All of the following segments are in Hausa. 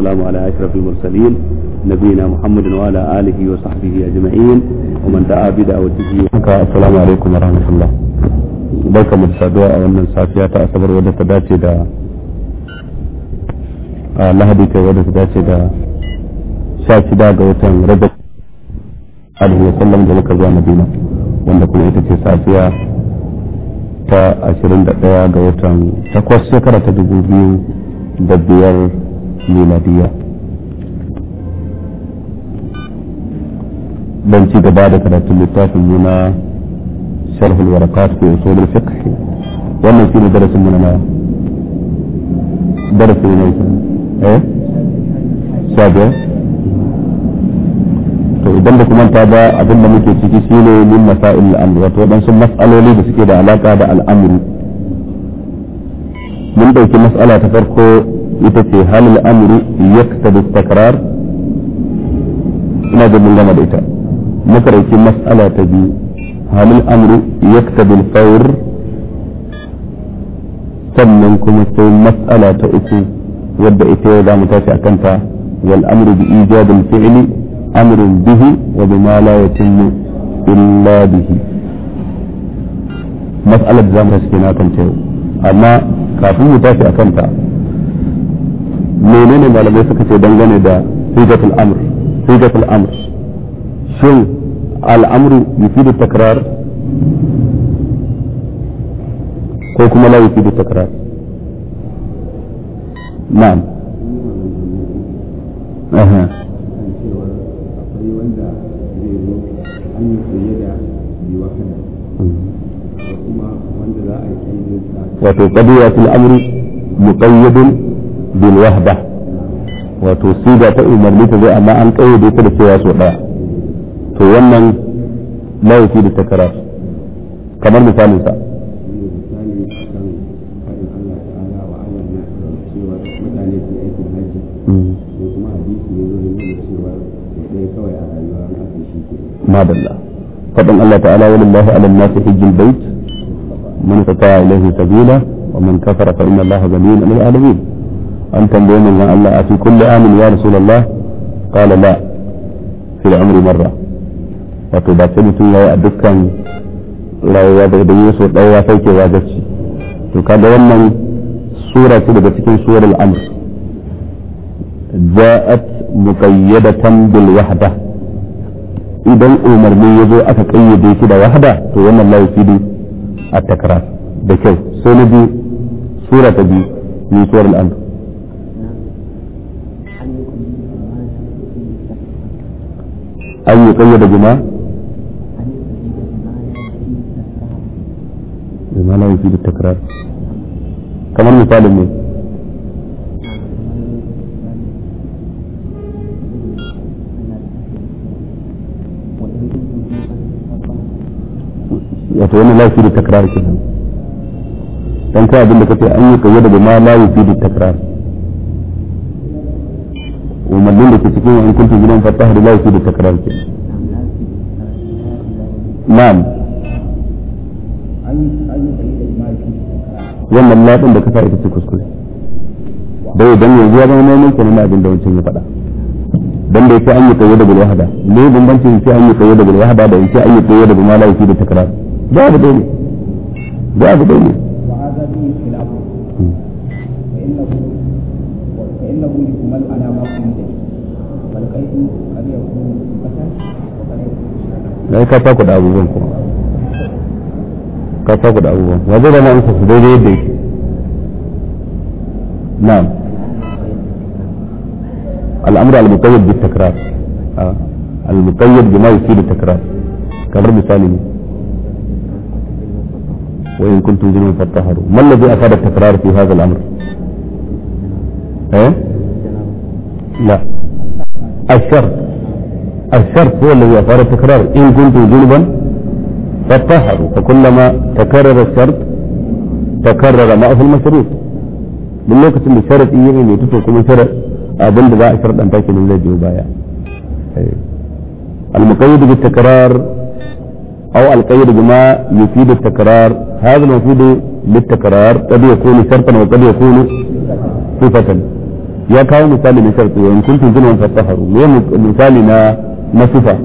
والسلام على أشرف المرسلين نبينا محمد وعلى آله وصحبه أجمعين ومن دعا بدعوته السلام عليكم ورحمة الله barka mu da saduwa a wannan safiya ta asabar wadda dace da lahadi kai wadda dace da sha shida ga watan sallam da madina wanda kuma ita ce safiya ta ashirin da ga watan takwas shekara ta dubu biyu da biyar miladiya don ci gaba da karatun littafin nuna sharhul warakat fi usul al-fiqh wannan shine darasin mu na darasin ne eh sabe to idan da kuma ta ba abin da muke ciki shine min masail al-amr wato wadansu mas'aloli da suke da alaka da al'amri mun dauki mas'ala ta farko ita ce halin amru yaktabu takrar ina da mun gama da ita muka dauki mas'ala ta biyu halin amru yaktabu fawr sannan kuma sai mas'ala ta uku wadda ita yau za mu tashi akan ta wal amru bi ijabil fi'li amrun bihi wa bima la yatimmu illa bihi mas'alar da za mu tashi kenan akan ta yau amma kafin mu tashi akan ta menene malamai suka ce dangane da hujjatul amr hujjatul amr shin al'amru yufidu takrar ko kuma la yufidu takrar na'am aha wato qadiyatul amri muqayyadun bil wahda wato siga ta umarni ta zai amma an kayyade ta da cewa so daya to wannan laifi da takarar kamar misalin sa madalla faɗin Allah ta'ala wani Allah ala nasu hijjil bait man fata ilaihi sabila wa man kafara fa inna Allah ghaniyyun أن تنبيهم أن الله في كل عام يا رسول الله قال لا في العمر مرة وطبع سنتم يا أدوكا لا يوضع دنيس ولا يوافيك واجبش تقال لهم سورة كده بتكون سورة الأمر جاءت مقيدة بالوحدة إذا umarni ya zo aka kayyade shi da wahada to wannan la yusidu at takrar da kyau sai na an da kayyada bima bima la yufi takrar kamar misalin ne wato wannan la da takrar kenan dan kai abin da kace an yi kayyada ma la da takrar umarnin da ke cikin wa in kuntum gidan fatah da laifi da takrar ke na'am wannan lafin da kasa ita ce kuskure dai dan yanzu ya zama neman kenan abin da wancan ya faɗa dan da yake an yi kayyada bil wahda ne bambancin sai an yi kayyada bil wahda da yake an yi kayyada bil malaiki da takrar da abu dai da abu dai ne na ka ta da abubuwan kuma ka ta da abubuwan waje da ma'ansa su daidai yadda yake na'am al'amur al-muqayyad bi takrar al-muqayyad bi ma yusidu takrar kamar misali ne وإن كنتم جنون فاتطهروا ما الذي أفاد التكرار في هذا الأمر؟ إيه؟ لا الشرط الشرط هو الذي أثار التكرار إن كنتم جنبا فطهروا فكلما تكرر الشرط تكرر ما في المشروط من تسمى الشرط إيه ya ne tuto الشرط abin da za a sharɗanta ke nan المقيد بالتكرار أو القيد بما يفيد التكرار هذا المفيد للتكرار قد يكون شرطا وقد يكون صفة ya kawo misali na sharfi tun kuntun zunan fattaharu ne misali na masifa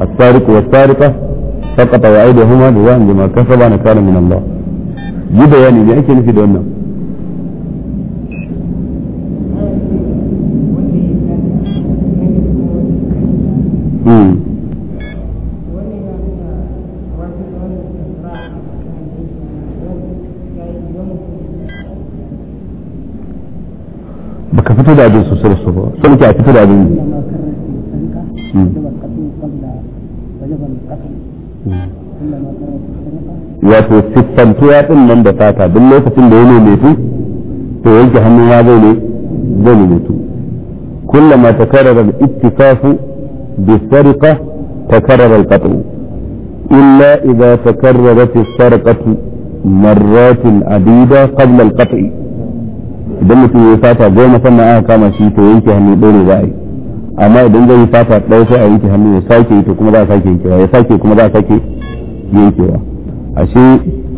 a tsariku wa tsarika sakata wa aida huma da za a jima kasa ba na kare minan ba yi bayani ne ake nufi da wannan baka fito da abin sosai da sosai sai muke a fito da abin wato ya din nan da fata duk lokacin da ya nome su to yanke hannu ya zai ne zai nome su kullama takarrara al-ittifafu bi-sariqa takarrara al-qat'u illa idza takarrarat as-sarqatu marratin adida qabla al-qat'i idan mutum ya fata goma sannan aka kama shi to yanke hannu ɗore za a yi amma idan zai yi fata ɗaya sai a yanke hannu ya sake to kuma za a sake yankewa ya sake kuma za a sake yankewa ashe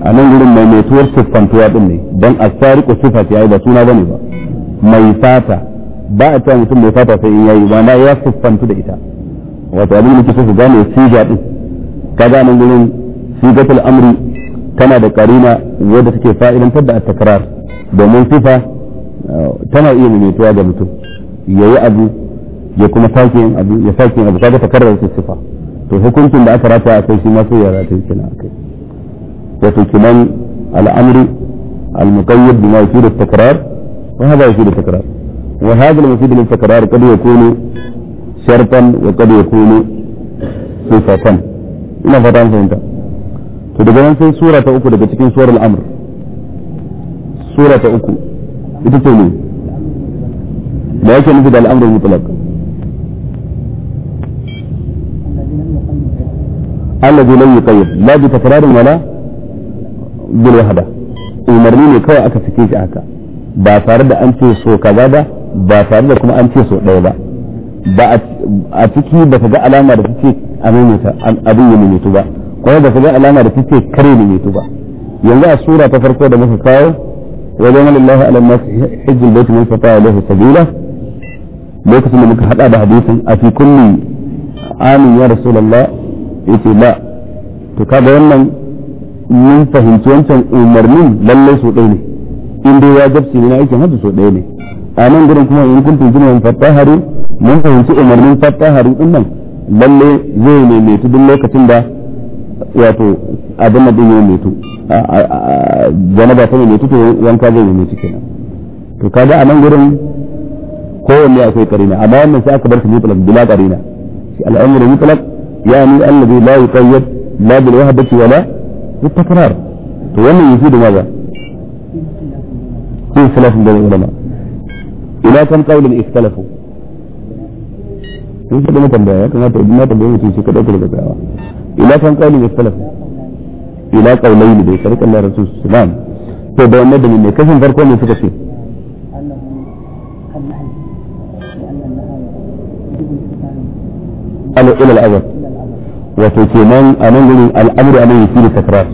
a nan gurin mai metuwar siffantuwa din ne don a sariƙo sifat yayi ba suna ba ne ba mai fata ba a cewa mutum mai fata sai in yayi ba na ya siffantu da ita wato abin da kike so gane siga din kaga nan gurin sigatul amri tana da karima wadda take fa'idantar da at-takrar domin sifa tana iya maimaituwa da mutum ya yi abu ya kuma sake yin abu ya sake yin abu kaga takarar ta sifa to hukuncin da aka rata a kai shi ma sai ya rata shi na akai wato kiman al'amri al-muqayyad bima yufidu at-takrar wa hada yake da takrar wa hada al-mufid lil-takrar qad yakunu shartan wa qad yakunu sifatan ina fata an fahimta to daga nan sai sura ta uku daga cikin surar al-amr sura ta uku ita ce ne da yake nufi da al'amuran mutlaq alladhi lam yuqayyad la bi takrarin wala bil wahda umarni ne kawai aka sake shi haka ba tare da an ce so kaza ba ba tare da kuma an ce so ɗaya ba ba a ciki ba ka ga alama da take a maimaita abin ya maimaito ba kuma ba ka ga alama da take kare maimaito ba yanzu a sura ta farko da muka kawo allah الله masu الناس حج البيت fata استطاع lafi sabila lokacin da muka hada da hadisin a fi kulli amin ya ya ce la to kaga wannan mun fahimci wancan umarnin lalle so ɗaya ne inda ya wajibci ne na aikin hajji so ɗaya ne a nan gudun kuma in wani fata hari mun fahimci umarnin fatahari hari nan lalle zai ne mai duk lokacin da wato abin da ya mutu janaba ta mutu to wanka zai mutu kenan to kaga a nan gurin kowanne akwai karina amma wannan sai aka bar shi mutlaq bila karina shi al'amru mutlaq yani alladhi la yuqayyad la bil wahdati wala bit takrar to wannan yafi da maza في salafin da ulama ila kan قول اختلفوا. Sun shi da matan da ya kamata idan matan da ya shi kaɗai ta daga tsayawa. ila kan qawli wa salaf ila qawlayn bai sarka Allah rasul sallam to da wannan dalilin ne kashin farko ne suka ce al ila al-awwal wato kenan a nan gurin al'amru anan yake da takrar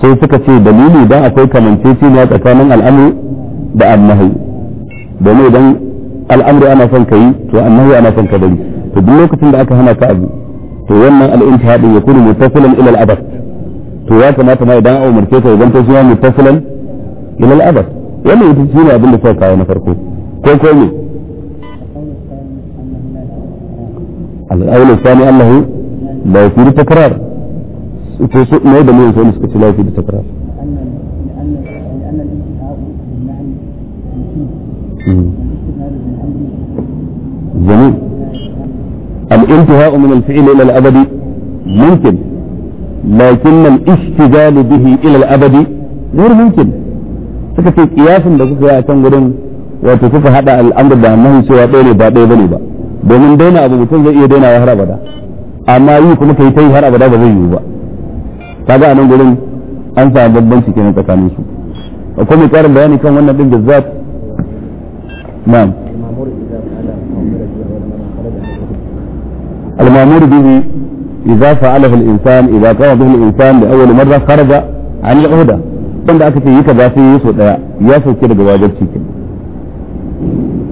sai suka ce dalili dan akwai kamanceci ne tsakanin al'amru da annahi domin idan al'amru ana son kai to annahi ana son ka bari to duk lokacin da aka hana ka abu to wannan al-intihad yakunu muttasilan ila al-abad to ya kamata ma idan an umarce ka idan ta zuwa muttasilan ila al-abad wannan ita ne abin da suka kawo na farko ko ko ne al-awl al la yufiru takrar to su mai da mun so ne suka ce la yufiru takrar جميل الانتهاء من الفعل إلى الأبد ممكن لكن الاشتغال به إلى الأبد غير ممكن suka ce kiyasin da kuka yi a can gurin wato kuka hada al'amur da annahu cewa ɗaya ne ba ɗaya bane ba domin daina abu mutum zai iya dainawa har abada amma yi kuma kai ta yi har abada ba zai yiwu ba kaga a nan gurin an samu bambanci kenan tsakanin su akwai mai karin bayani kan wannan din da zat na'am المامور به إذا فعله الإنسان إذا قام به الإنسان لأول مرة خرج عن العهدة عندما أكت يك ذاتي يسود ياسو كده بواجب شيك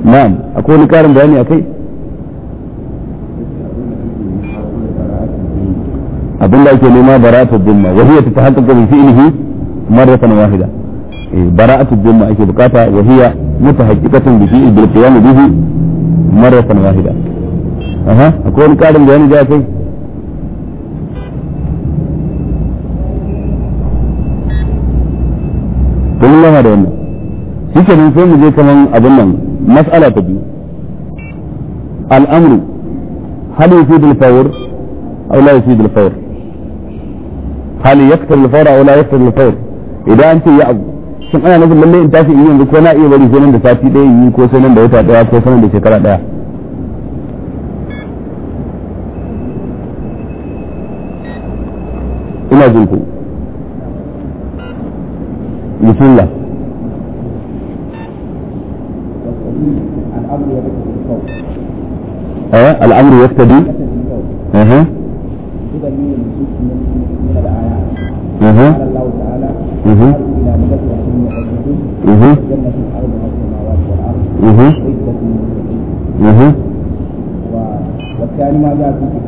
نعم أقول كارم داني أكي أبو الله لما براءة الذمة وهي تتحقق بفعله مرة واحدة إيه، براءة الذمة أي بكاتا وهي متحققة بفعل بالقيام به مرة واحدة aha akwai wani karin wani ja kai kun lama da wannan shi ke sai mu je kaman abin nan mas'ala ta biyu al'amru hali yufid al-fawr aw la yufid al-fawr hal yaktab al-fawr aw la ya fitar fawr idan an ce ya abu shin ana nufin lallai in tashi in yanzu ko na iya bari sai nan da sati ɗaya yi ko sai nan da wata ɗaya ko sai nan da shekara ɗaya ina jin ku bismillah الأمر يقتدي أها أها أها أها أها أها اها ما جاء في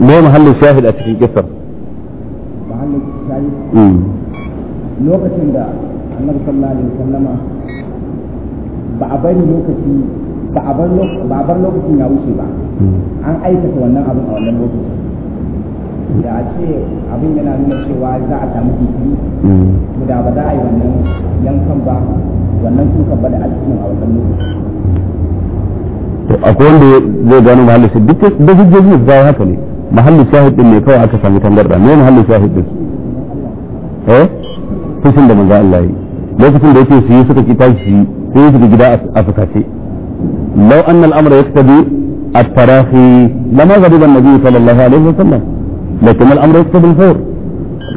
me mahallin shahid a cikin kisar mahallin shahid mm. lokacin da annabi sallallahu alaihi wasallama ba a bari lokaci ba a bar ba a bar lokacin ya wuce ba mm. an aikata wannan abin a wannan lokaci da a ce abin yana nuna cewa za a samu jinkiri mm. to da ba za a yi wannan yankan ba wannan tukan ba da a a wannan lokaci. akwai wanda zai gano mahalli shahid duk da hujjoji da zai haka ne mahalli shahid din ne kawai aka sami tangarda me mahalli shahid din eh fushin da manzo Allah yi lokacin da yake su yi suka kita shi sai su gida a fukace law anna al-amra yaktabi at-tarahi lama ghadiba an-nabi sallallahu alaihi wasallam lakin al-amra yaktabi al-fawr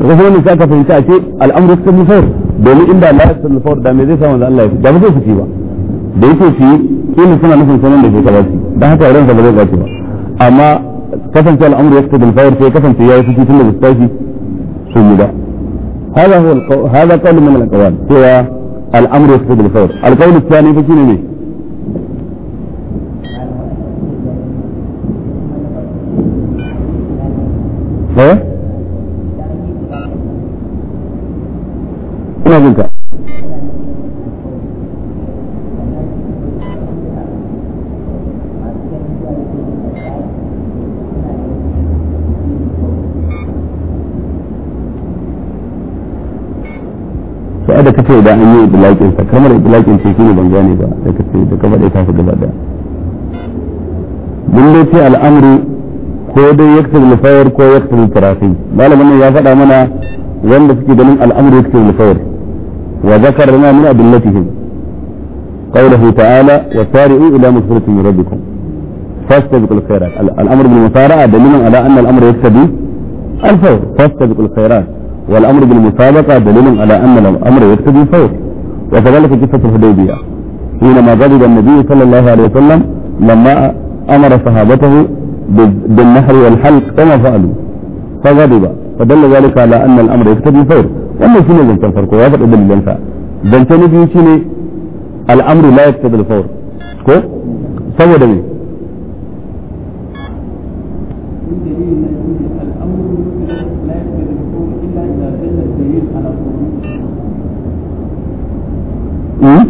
kaga ne sai fahimta ce al-amra yaktabi al-fawr domin inda Allah ya san da me zai sa manzo Allah ya da ba zai fice ba da yake fi shi ne suna nufin sanin da ke kaza shi don haka ran ba zai gaci ba amma kasance al'amuri ya da fayar sai kasance ya yi fiti tun da su tashi su mu da hada kawali mana alkawal cewa al'amuri ya tabin fayar alkawali ta ne fashi ne ne eh? Ina ka ce da an yi iblaƙin sa kamar ce ne ban gane ba da ce da ka kafa gaba da mun ce ko dai ko tarafi malamin ya faɗa mana wanda suke ganin al'amru yaktul lifayar wa lana min adillatihim rabbikum fastabiqul al'amru bil musara'a ala anna al'amra yaktabi al-fawr fastabiqul والأمر بالمسابقة دليل على أن الأمر يقتضي الفوز وكذلك قصة الحديبية حينما غضب النبي صلى الله عليه وسلم لما أمر صحابته بالنحر والحلق كما فعلوا فغضب فدل ذلك على أن الأمر يقتضي الفوز وانه شنو zancen farko ya ابن الجنفاء zance na شنو الامر لا يقتضي yaqtadi al wato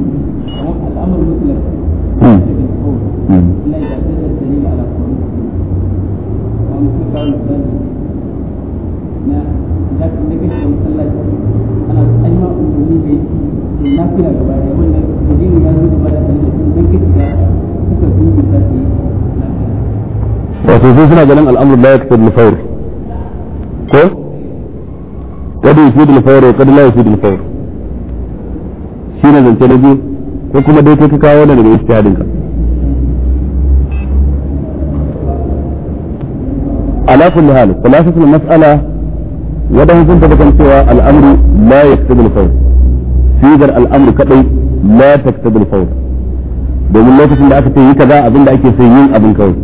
sun suna ganin al'amur la yakfi ko shi ne zance na biyu ko kuma dai kai ka kawo wannan daga ijtihadin ka ala kulli hal khulasatul mas'ala wadan sun tabbatar cewa al'amru la yaktubu al-fawt sigar al'amru kadai la taktubu al-fawt domin lokacin da aka ce yi kaza abinda ake son yin abin kawai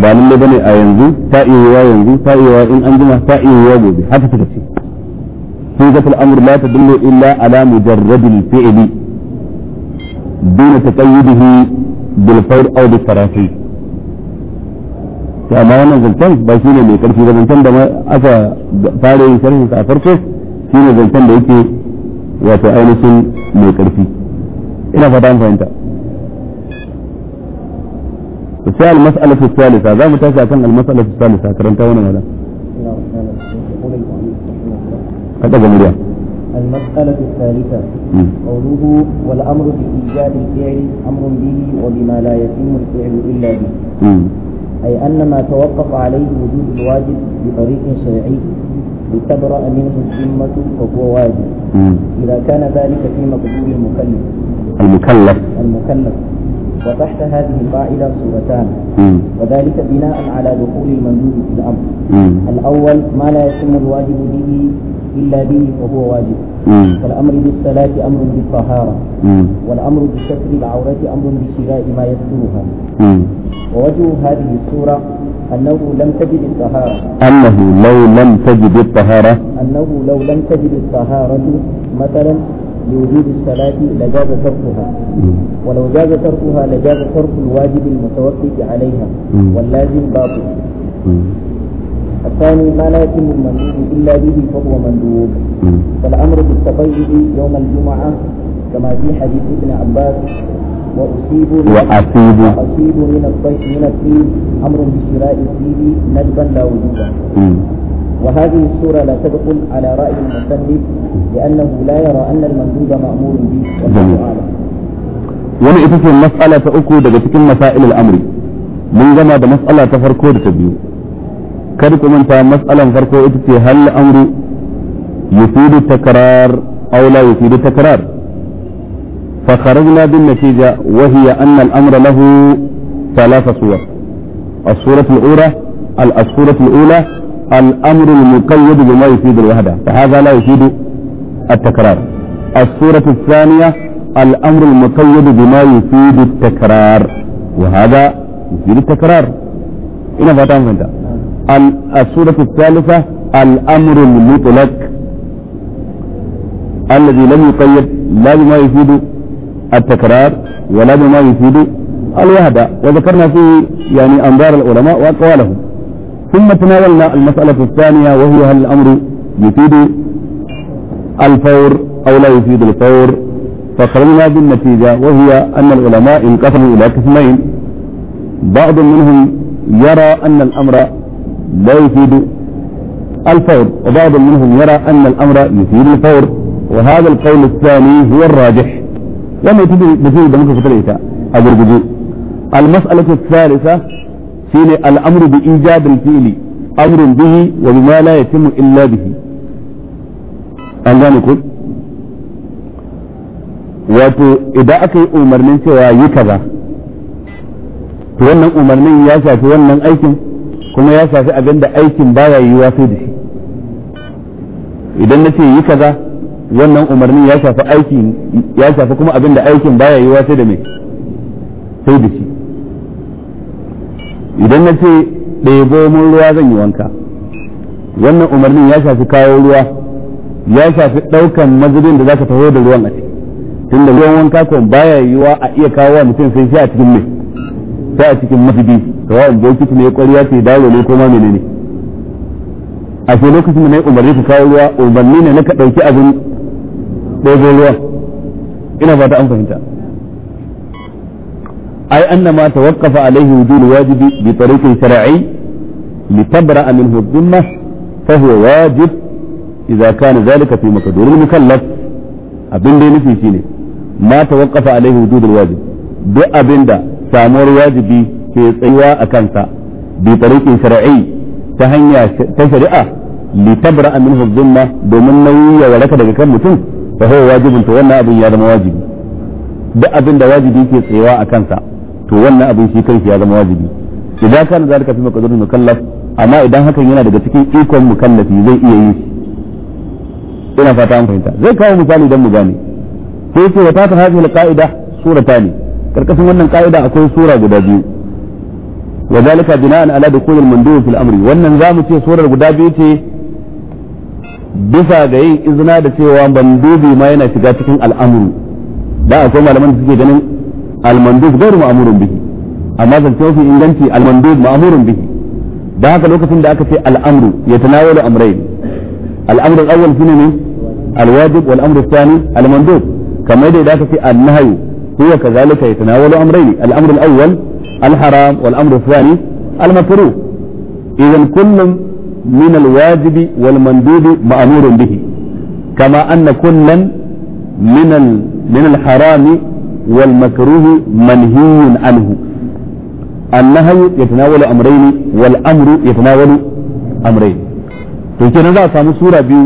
ba nan lalle bane a yanzu ta iya yanzu ta iya in an jima ta iya gobe haka suka ce صيغة الأمر لا تدل إلا على مجرد الفعل دون تقيده بالفور أو بالفراسي كما أنا زلتان باشينا اللي كان في زلتان دماء أفا فاري شرح سافرته شينا زلتان بيكي وتأينس mai ƙarfi ina fata an fahimta sai al-mas'alatu thalitha za mu tashi akan al-mas'alatu المسألة الثالثة قوله والأمر بإيجاد الفعل أمر به وبما لا يتم الفعل إلا به م. أي أن ما توقف عليه وجود الواجب بطريق شرعي لتبرأ منه الذمة فهو واجب م. إذا كان ذلك في مقدور المكلف المكلف المكلف وتحت هذه القاعدة صورتان وذلك بناء على دخول المندوب في الأمر الأول ما لا يتم الواجب به إلا به فهو واجب فالأمر بالصلاة أمر بالطهارة والأمر بستر العورة أمر بشراء ما يسترها ووجه هذه الصورة أنه لم تجد الطهارة أنه لو لم تجد الطهارة أنه لو لم تجد الطهارة مثلا لوجود الصلاة لجاز تركها ولو جاز تركها لجاز ترك الواجب المتوقف عليها واللازم باطل الثاني ما لا يتم المندوب إلا به فهو مندوب فالأمر بالتقيد يوم الجمعة كما في حديث ابن عباس وأصيب وأصيب وأصيب من الطيب من الطيب أمر بشراء الطيب ندبا لا وجودا وهذه الصورة لا تدخل على رأي المصنف لأنه لا يرى أن المندوب مأمور به والله أعلم wani ita ce mas'ala ta uku daga cikin masail al'amri mun gama da mas'ala ta farko da ta biyu kar ku manta mas'alan farko ita ce hal amru yufidu takrar aw la yufidu takrar fa kharajna bin natija wa hiya anna al-amra lahu thalatha suwar as-surah al-ula al-surah al-ula الأمر المقيد بما يفيد الوحدة فهذا لا يفيد التكرار الصورة الثانية الأمر المقيد بما يفيد التكرار وهذا يفيد التكرار هنا فاتان فانتا الصورة الثالثة الأمر المطلق الذي لم يقيد لا بما يفيد التكرار ولا بما يفيد الوحدة وذكرنا فيه يعني أنظار العلماء وأقوالهم ثم تناولنا المسألة الثانية وهي هل الأمر يفيد الفور أو لا يفيد الفور فخرجنا بالنتيجة وهي أن العلماء انقسموا إلى قسمين بعض منهم يرى أن الأمر لا يفيد الفور وبعض منهم يرى أن الأمر يفيد الفور وهذا القول الثاني هو الراجح لم يتبه بسيطة ممكن فتريتا المسألة الثالثة shine al'amru bi ijabil fi'li amrun bihi wa bima la yatimu illa bihi an gane ku wato idan aka yi umarnin cewa yi kaza to wannan umarnin ya shafi wannan aikin kuma ya shafi abinda aikin baya yiwuwa sai da shi idan na ce yi kaza wannan umarnin ya shafi aikin ya shafi kuma abinda aikin baya yiwuwa sai da mai sai da shi idan na ce ɗebo mun ruwa zan yi wanka wannan umarnin ya shafi kawo ruwa ya shafi ɗaukan mazubin da za ka taho da ruwan a ciki tun da ruwan wanka kon baya yiwa a iya kawo wa mutum sai sai a cikin mai sai a cikin mazubi sawa'in bokiti ne ƙwarya ce dalo ne ko ma ne a ce lokacin da na yi umarni ka kawo ruwa umarni ne na ka ɗauki abin ɗebo ruwa ina fata an fahimta أي أن ما توقف عليه وجود الواجب بطريق شرعي لتبرأ منه الذمة فهو واجب إذا كان ذلك في مقدور المكلف أبن لي نفي شيني ما توقف عليه وجود الواجب بأبن دا سامور واجب في سيوى أكانتا بطريق شرعي تهنيا تشريعة لتبرأ منه الذمة بمن نوية ولك دا كم متن فهو واجب تغنى أبن يادم واجب بأبن دا واجب في سيوى أكانتا to wannan abin shi shi ya zama wajibi idan kana zalika fi maqdurul mukallaf amma idan hakan yana daga cikin ikon mukallafi zai iya yi ina fata an fahimta zai kawo misali dan mu gane sai ce wata ta hadhihi alqaida ne karkashin wannan qaida akwai sura guda biyu wa zalika bina'an ala dukhul al-mandub fil amri wannan zamu ce surar guda biyu ce bisa ga yin izina da cewa mandubi ma yana shiga cikin al'amuru da akwai malaman da suke ganin المندوب غير مأمور به أما زلتو في إنجنتي المندوب مأمور به ده هذا لوك فين الأمر يتناول أمرين الأمر الأول فين الواجب والأمر الثاني المندوب كما يدي ذاك في النهي هو كذلك يتناول أمرين الأمر الأول الحرام والأمر الثاني المكروه إذا كل من الواجب والمندوب مأمور به كما أن كلا من من الحرام wal makruh manhiyun anhu annahi yatanawalu amrayn wal amru yatanawalu amrayn to kenan za a samu sura biyu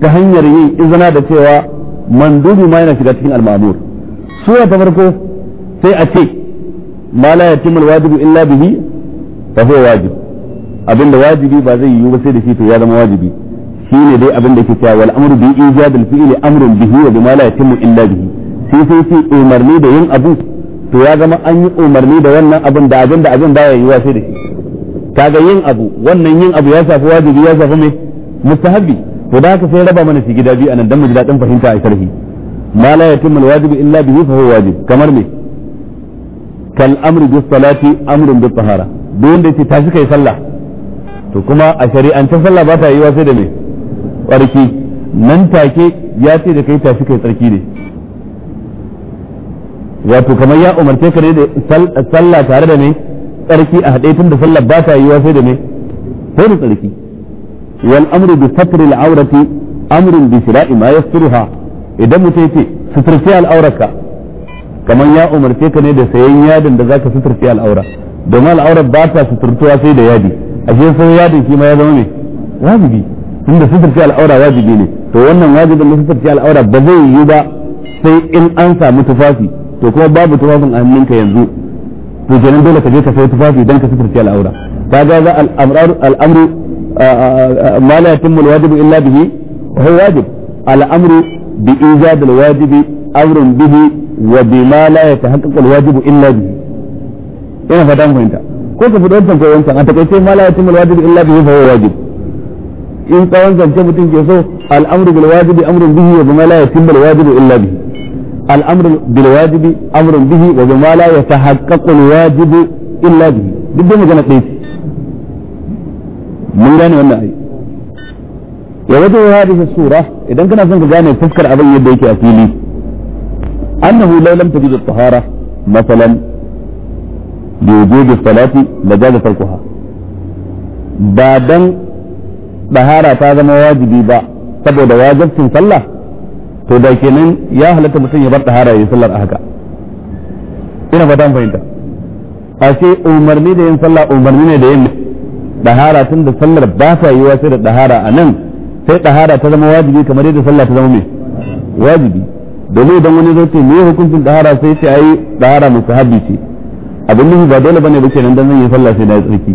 ta hanyar yi izina da cewa mandubi ma yana shiga cikin al-ma'mur sura ta farko sai a ce ma la illa bihi fa huwa abinda wajibi ba zai yiwu ba sai da shi ya zama wajibi shine dai abinda ke cewa wal amru bi ijadil amrun bihi wa illa sai sai ce umarni da yin abu to ya zama an yi umarni da wannan abin da abin da abin baya yi wasu da shi kaga yin abu wannan yin abu ya shafi wajibi ya shafi mai mustahabi to da haka sai raba mana shi gida biyu anan dan mu ji dadin fahimta a sharhi ma la yatimmu alwajibu illa bihi fa huwa wajib kamar me kal amru bis salati amrun bis tahara duk wanda yake tashi kai sallah to kuma a shari'ance sallah ba ta yi wasu da me tsarki nan take ya ce da kai tashi kai tsarki ne wato kamar ya umarce ka ne da sallah tare da ne tsarki a haɗe tun da sallah ba ta yiwa sai da ne sai da tsarki wal amru bi satr al awrati amrun bi shira'i ma yasturuha idan mutum yace suturci al auraka kamar ya umarce ka ne da sayan yadin da zaka suturci al aura domin al aura ba ta suturtuwa sai da yadi ashe sai yadin shi ma ya zama ne wajibi tunda suturci al aura wajibi ne to wannan wajibin na suturci al aura ba zai yi ba sai in an samu tufafi to kuma babu tufafin a hannunka yanzu to kenan dole ka je ka sayi tufafi dan ka suturce al'aura kaga za al'amru ma la yatimmu al-wajib illa bihi wa huwa wajib al'amru bi ijad al-wajib amrun bihi wa bima la yatahaqqaqu al-wajib illa bihi ina fata mun fahimta ko ka fi wancan ko wancan a takaice ma la yatimmu al-wajib illa bihi fa huwa wajib in tsawon zance mutum ke so al'amru bil wajibi amrun bihi wa bima la yatimmu al-wajib illa bihi الامر بالواجب امر به وبما لا يتحقق الواجب الا به بده مجانا كيف من غير ولا اي يوجد هذه السوره اذا كنا سنك جاني تذكر ابي يديك اكيلي انه لو لم تجد الطهاره مثلا بوجود الصلاه لجاز تركها بعدن طهاره هذا واجبي با سبب واجب في صلاه to da kenan ya halatta mutum ya bar tahara ya sallar a haka ina fata fahimta a ce umarni da yin sallah umarni ne da yin tahara tun da sallar ba ta yiwa sai da tahara a nan sai tahara ta zama wajibi kamar yadda sallah ta zama mai wajibi domin idan wani zai ce me hukuncin tahara sai ce ai tahara sahabi ce abin nufi ba dole bane ba kenan dan zan yi sallah sai da tsarki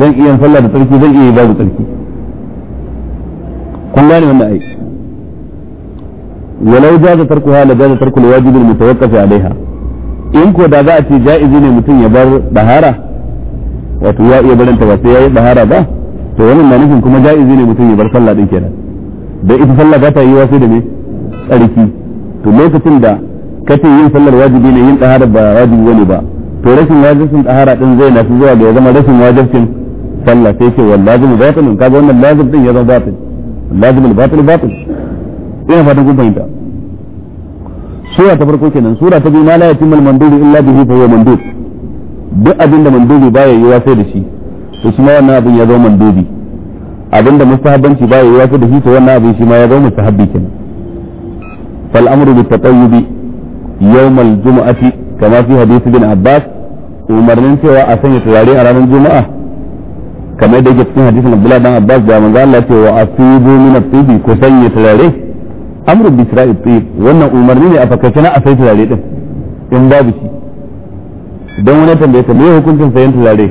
zan iya sallah da tsarki zan iya yi babu tsarki kun gane wannan ai walau jaza tarkuha la jaza tarkul wajib al mutawaqqaf alaiha in ko da za a ce jaizi ne mutum ya bar dahara wato ya ba sai yayi dahara ba to wannan na kuma jaizi ne mutum ya bar sallah din kenan da ita sallah ba yi wasu da me tsarki to lokacin da kace yin sallar wajibi ne yin dahara ba wajibi bane ba to rashin wajibcin dahara din zai zuwa ga ya zama rashin wajibcin sallah sai lazim wannan lazim din ya lazim ina fatan kun fahimta sura ta farko kenan sura ta biyu ma la yatimmu al-mandubi illa bihi fa huwa mandub duk abin da mandubi baya yi wasai da shi to shi ma wannan abin ya zama mandubi abin da mustahabbanci baya yi wasai da shi to wannan abin shi ma ya zama mustahabbi kenan fal amru bi tatayyubi yawm al-jum'ati kama fi hadith bin abbas umarnin cewa a sanya turare a ranar juma'a kamar da yake cikin hadisin abdullahi dan abbas da manzo Allah ce wa asibu min at-tibi ku sanya turare amrun bi isra'il tsayib wannan umarni ne a fakaice na a sai turare din in babu shi don wani tambaye ka me hukuncin sayan turare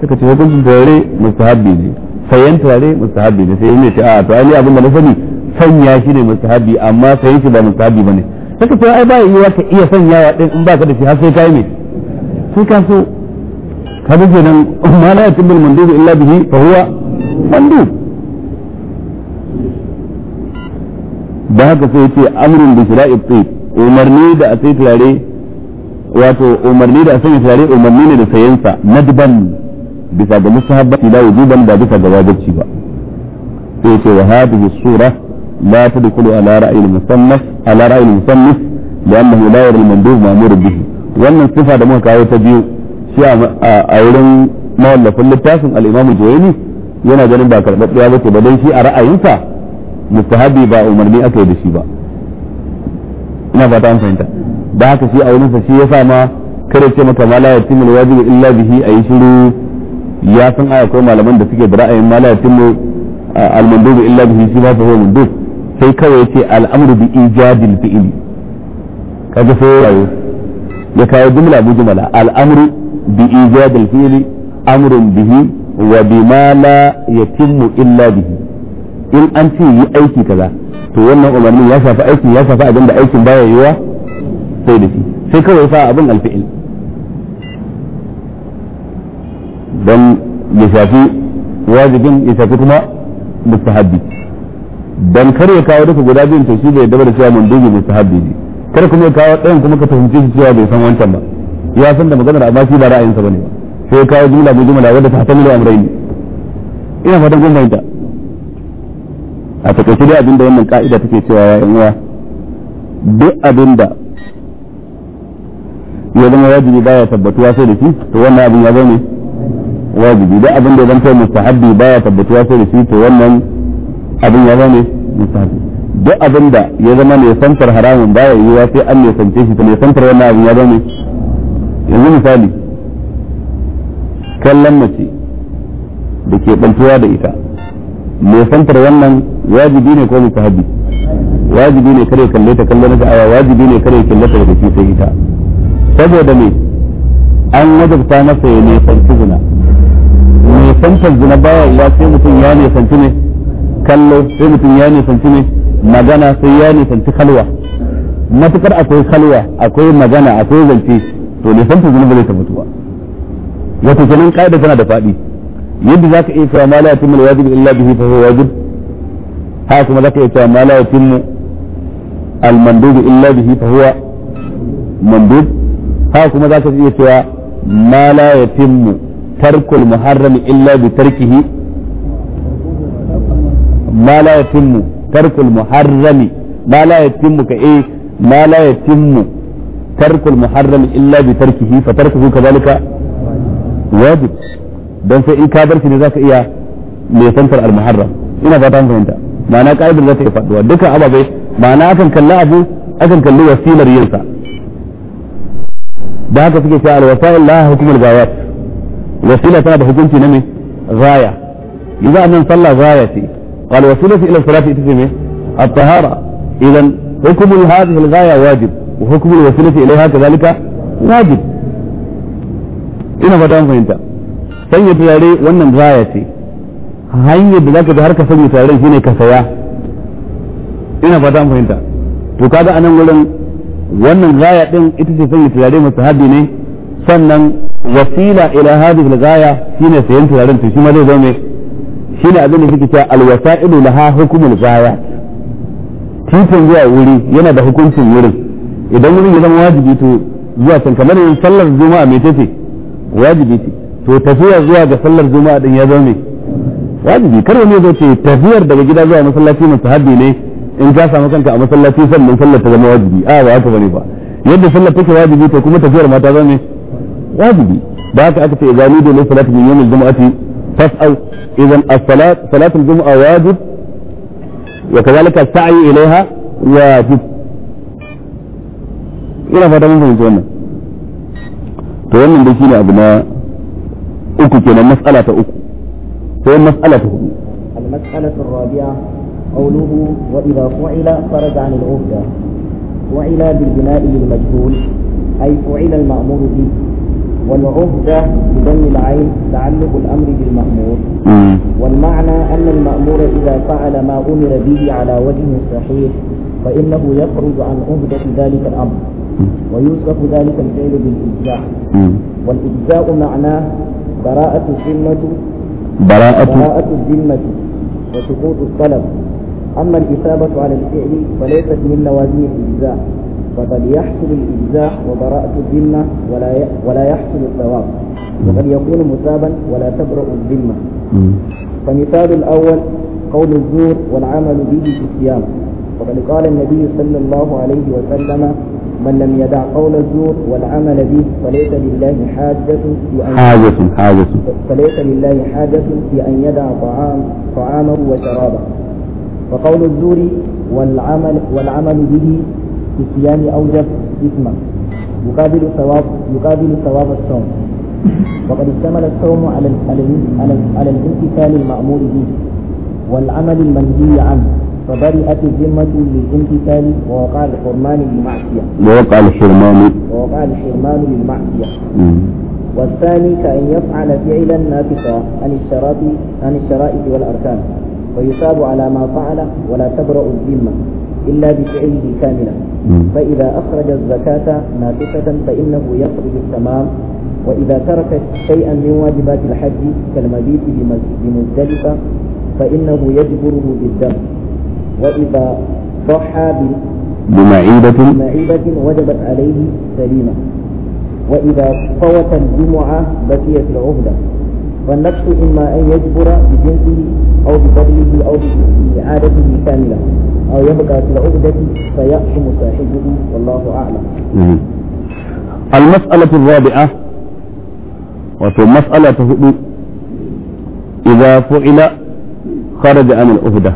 suka ce hukuncin turare mustahabbi ne sayan turare mustahabbi ne sai ne ce a to ai abin da na sani sanya shi ne mustahabbi amma sayan shi ba mustahabbi bane suka ce ai ba yiwa ka iya sanyawa din in baka da shi har sai kai ne sai ka so ka ga nan amma la yatimul mandubu illa bihi fa huwa mandub da haka sai yace amrun bi shira'i tayyib umarni da a sai turare wato umarni da a sai turare umarni ne da sayansa nadban bisa ga musahabba ila wujuban da bisa ga wajibi ba sai yace wa hadhihi sura لا تدخل على رأي المصنف على musannaf المصنف la yuri al-mandub ma'mur bihi wannan sifa da muka kawo ta biyu shi a wurin mawallafin littafin al-Imam Juwayni yana ganin ba karɓaɓɓiya ba ce ba dan shi a ra'ayinsa mustahabi ba umarni aka yi da shi ba ina fata an fahimta da haka shi a wurin sa ya sa ma kare ce maka mala ya timul wajibi illa bihi ayi shiru ya san aya ko malaman da suke da ra'ayin mala ya timul al illa bihi shi ba fa huwa sai kawai yace al-amru bi ijadil fi'li kaga sai ya kawo jumla bu jumla al-amru bi ijadil fi'li amrun bihi wa bima la yatimmu illa bihi in an ce yi aiki kaza to wannan umarnin ya shafi aikin ya shafi abin da aikin baya yiwa sai da shi sai kawai fa abin alfi'il don ya shafi wajibin ya shafi kuma mustahabbi dan kar ya kawo duka guda biyun to shi bai dabar cewa mun dubi mustahabbi ne kar kuma ya kawo ɗayan kuma ka fahimci shi cewa bai san wancan ba ya san da maganar amma shi ba ra'ayinsa bane sai ya kawo jumla mai jumla wadda ta hatamila amrai ina fatan kun fahimta a takaice dai abinda wannan ka'ida take cewa ya yan uwa duk abinda ya zama wajibi ba ya tabbatuwa sai da shi to wannan abin ya zama wajibi duk abinda ya zama mustahabbi ya tabbatuwa sai da shi to wannan abin ya zama mustahabbi duk abinda ya zama ne santar haramun ya yiwa sai an ne shi to ne santar wannan abin ya zama yanzu misali kallon mace da ke bantuwa da ita mai santar wannan wajibi ne ko mustahabi wajibi ne kare kalle ta kalle na sha'awa wajibi ne kare kalle ta da shi sai ita saboda me an wajabta masa ya ne sanci zina ne santar zina baya ya sai mutum ya ne sanci ne kallo sai mutum ya ne sanci ne magana sai ya ne sanci kalwa matukar akwai kalwa akwai magana akwai zance to ne santar zina ba zai ta mutuwa wato kenan kaida tana da faɗi yadda zaka iya cewa ma la yatimmu al-wajib illa bihi fa huwa wajib haka kuma zaka iya cewa ma la yatimmu al-mandub illa bihi fa huwa mandub haka kuma zaka iya cewa ma la yatimmu tarkul muharrami illa bi tarkihi ma la yatimmu tarkul muharrami ma la yatimmu ka eh ma la yatimmu tarkul muharrami illa bi tarkihi fa tarkuhu kadhalika wajib don sai in ka bar shi ne zaka iya nisantar al-muharram ina ba mun fahimta ma'ana ka'idar za ta yi faduwa dukkan ababai ma'ana akan kalli abu akan kalli wasilar yin sa da haka suke cewa al-wasa'il la hukumul gawat wasila ta da hukunci na me ghaya idan annan sallah gaya ce qal wasilatu ila salati ita me at-tahara idan hukumul hadhihi al gaya wajib wa hukumul wasilati ilayha kadhalika wajib ina ba mun fahimta sanya turare wannan baya ce hanyar da zaka bi har ka sanya turaren shine ka saya ina fata an fahimta to kaga anan wurin wannan gaya din ita ce sanya turare haɗi ne sannan wasila ila hadhihi al-ghaya shine sayan turaren to shi ma zai zama shine abin da suke cewa al-wasailu laha hukmul gaya titin zuwa wuri yana da hukuncin wurin idan wurin ya zama wajibi to zuwa can kamar yin sallar juma'a mai tace wajibi ce to tafiya zuwa ga sallar juma'a din ya zo ne wajibi kar wani zo ce tafiyar daga gida zuwa masallaci mai mustahabi ne in ka samu kanka a masallaci sannan sallar ta zama wajibi a ba haka bane ba yadda sallar take wajibi to kuma tafiyar ma ta zo ne wajibi da haka aka ce idza nudiya lis salatu min yawmil jumu'ati fas'al idan as-salat salatu al jumu'a wajib wa kadhalika as-sa'yu ilayha wajib ina fata mun fahimci wannan to wannan dai shine abu na uku kenan mas'ala ta uku sai mas'ala ta hudu المسألة الرابعة قوله وإذا فعل خرج عن العهدة فعل بالبناء للمجهول أي فعل المأمور به والعهدة بدم العين تعلق الأمر بالمأمور والمعنى أن المأمور إذا فعل ما أمر به على وجه صحيح فإنه يخرج عن عهدة ذلك الأمر ويوصف ذلك الفعل بالإجزاء والإجزاء معناه براءة الذمة براءة براءة الذمة وسقوط الطلب أما الإثابة على الفعل فليست من لوازم الإجزاء فقد يحصل الإجزاء وبراءة الذمة ولا ولا يحصل الثواب وقد يكون متابا ولا تبرأ الذمة فمثال الأول قول الزور والعمل به في الصيام وقد قال النبي صلى الله عليه وسلم من لم يدع قول الزور والعمل به فليس لله حاجة في أن حاجة حاجة فليس لله حاجة في أن يدع طعام طعامه وشرابه فقول الزور والعمل والعمل به صيام أوجب إثما يقابل ثواب يقابل ثواب الصوم وقد اشتمل الصوم على على على الامتثال المأمور به والعمل المنهي عنه فبرئت الذمة للامتثال ووقع الحرمان للمعصية ووقع الحرمان ووقع الحرمان للمعصية والثاني كأن يفعل فعلا نافقا عن الشرائط عن الشرائط والأركان ويصاب على ما فعل ولا تبرأ الذمة إلا بفعله كاملا فإذا أخرج الزكاة ناقصة فإنه يخرج التمام وإذا ترك شيئا من واجبات الحج كالمبيت بمزدلفة فإنه يجبره بالدم وإذا ضحى بمعيبة بمعيبة وجبت عليه سليمة وإذا فوت الجمعة بقيت العهدة فالنفس إما أن يجبر بجنسه أو بفضله أو بإعادته كاملة أو يبقى في العهدة فيأثم صاحبه والله أعلم. المسألة الرابعة ومسألة مسألة إذا فعل خرج عن العهدة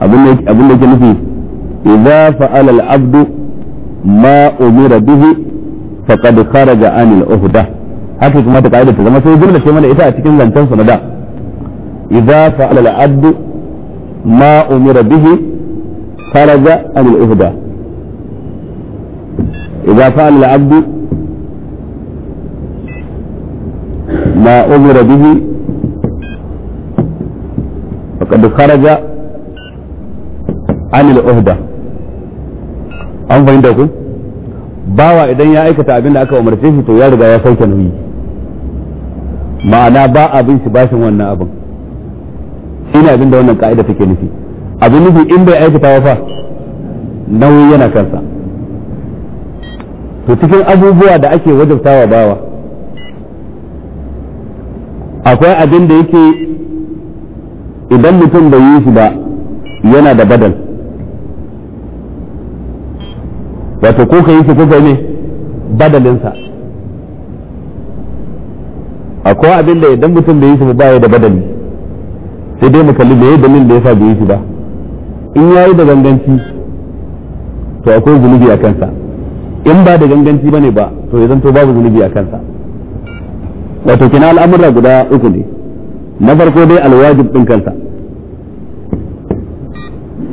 abin da ke nufi idza fa'ala al-abdu ma umira bihi faqad kharaja an al-uhda haka kuma ta kaida ta zama sai jumla ce mana ita a cikin zancen sa da idza fa'ala al-abdu ma umira bihi kharaja an al-uhda idza fa'ala al-abdu ما أمر به فقد خرج anil uhda an fahimta ku bawa idan ya aikata abin da aka umarce shi to ya riga ya sauke nauyi ma'ana ba abin shi bashin wannan abin ina abin da wannan ka'ida take nufi abin nufi in bai aikata wa fa nauyi yana kansa to cikin abubuwa da ake wajabtawa bawa akwai abin da yake idan mutum bai yi shi ba yana da badal wato ko ka yi shi kuka ka ne badalinsa akwai abin da idan mutum bai yi su ba ya da badali sai dai mu kalli yadda min da ya sa bai yi shi ba in ya yi da ganganci to akwai zunubi a kansa in ba da ganganci ba ne ba to ya zanto babu zunubi a kansa wato kina al'amura guda uku ne na farko dai alwajib din kansa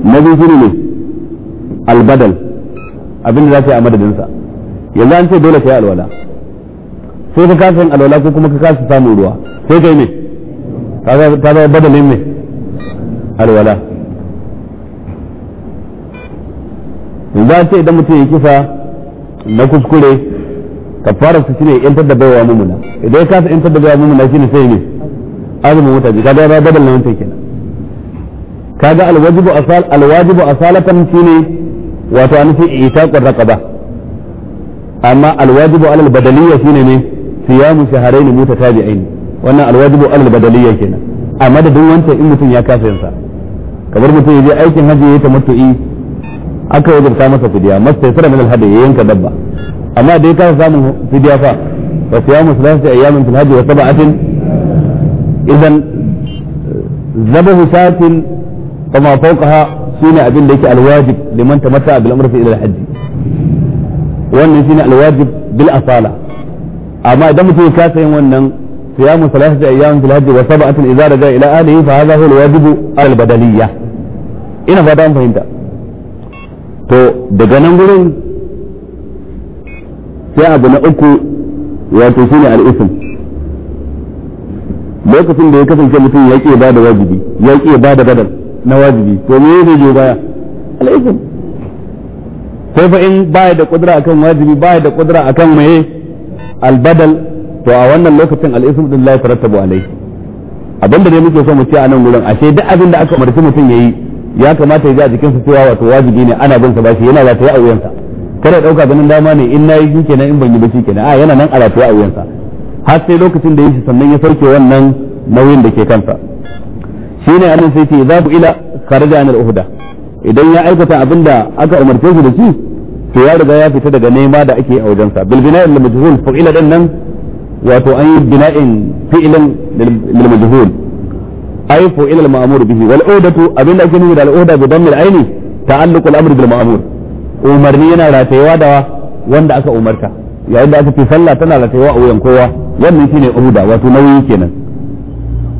na biyu ne albadal abinda za ka yi a madadinsa yanzu an ce dole ka yi alwala sai ka kasa yin alwala ko kuma ka kasa samun ruwa sai ka yi me ta zai badalin ne alwala yanzu an ce idan mutum ya kisa na kuskure ka fara su shine yantar da baiwa mumuna idan ya kasa yantar da baiwa mumuna shine sai ne azumin mutane ka zai badalin wancan kenan kaga alwajibu asal alwajibu asalatan shine wato an fi itaqur raqaba amma alwajibu alal badaliyya shine ne siyamu shahrayn mutatabi'ain wannan alwajibu alal badaliyya kenan amma da duk wanda in mutun ya kasa yin kamar mutun yaje aikin haji ya tamattu'i aka wajabta masa fidiya masta yasra min alhadi ya yanka dabba amma da ya samu fidiya fa fa siyamu thalathati ayamin fil hajji wa sab'atin idan zabahu shatin فما فوقها shine abin da yake alwajib liman tamatta bil umrati ila alhajj wannan shine alwajib bil asala amma idan mutum ya sayin wannan صيام ثلاثة أيام في الهدي وسبعة إذا رجع إلى أهله فهذا هو الواجب البدلية إن هذا أمر هنا تو دعنا نقول يا أبو نأكل واتسين على الاسم لو كنت لو كنت جمتي يأتي بعد واجبي يأتي بعد بدل na wajibi to me zai je baya alaikum sai fa in baya da kudura akan wajibi baya da kudura akan maye albadal to a wannan lokacin al'ism din la yatarattabu alaihi abinda dai muke so mu ce a nan gurin ashe duk abin da aka umarci mutum yayi ya kamata ya ji a jikin sa cewa wato wajibi ne ana bin sa ba shi yana da tayi a wuyansa kada dauka ganin dama ne in nayi shi kenan in ban yi ba shi kenan a yana nan a ratuwa a wuyansa har sai lokacin da yake shi sannan ya sauke wannan nauyin da ke kansa ne annan sai ce za ku ila kharaja anil uhda idan ya aikata abin da aka umarce shi da shi to ya riga ya fita daga nema da ake a wajensa bil bina'il lil majhul ila dan nan wato an yi bina'in fi'lan lil majhul ay fa'ila al ma'mur bihi wal uhdatu abin da ake nufi da al uhda bi dammil aini ta'alluq al amr bil ma'mur umarni yana ratayewa da wanda aka umarta yayin da aka ce sallah tana ratayewa a wuyan kowa wannan shine uhda wato nauyi kenan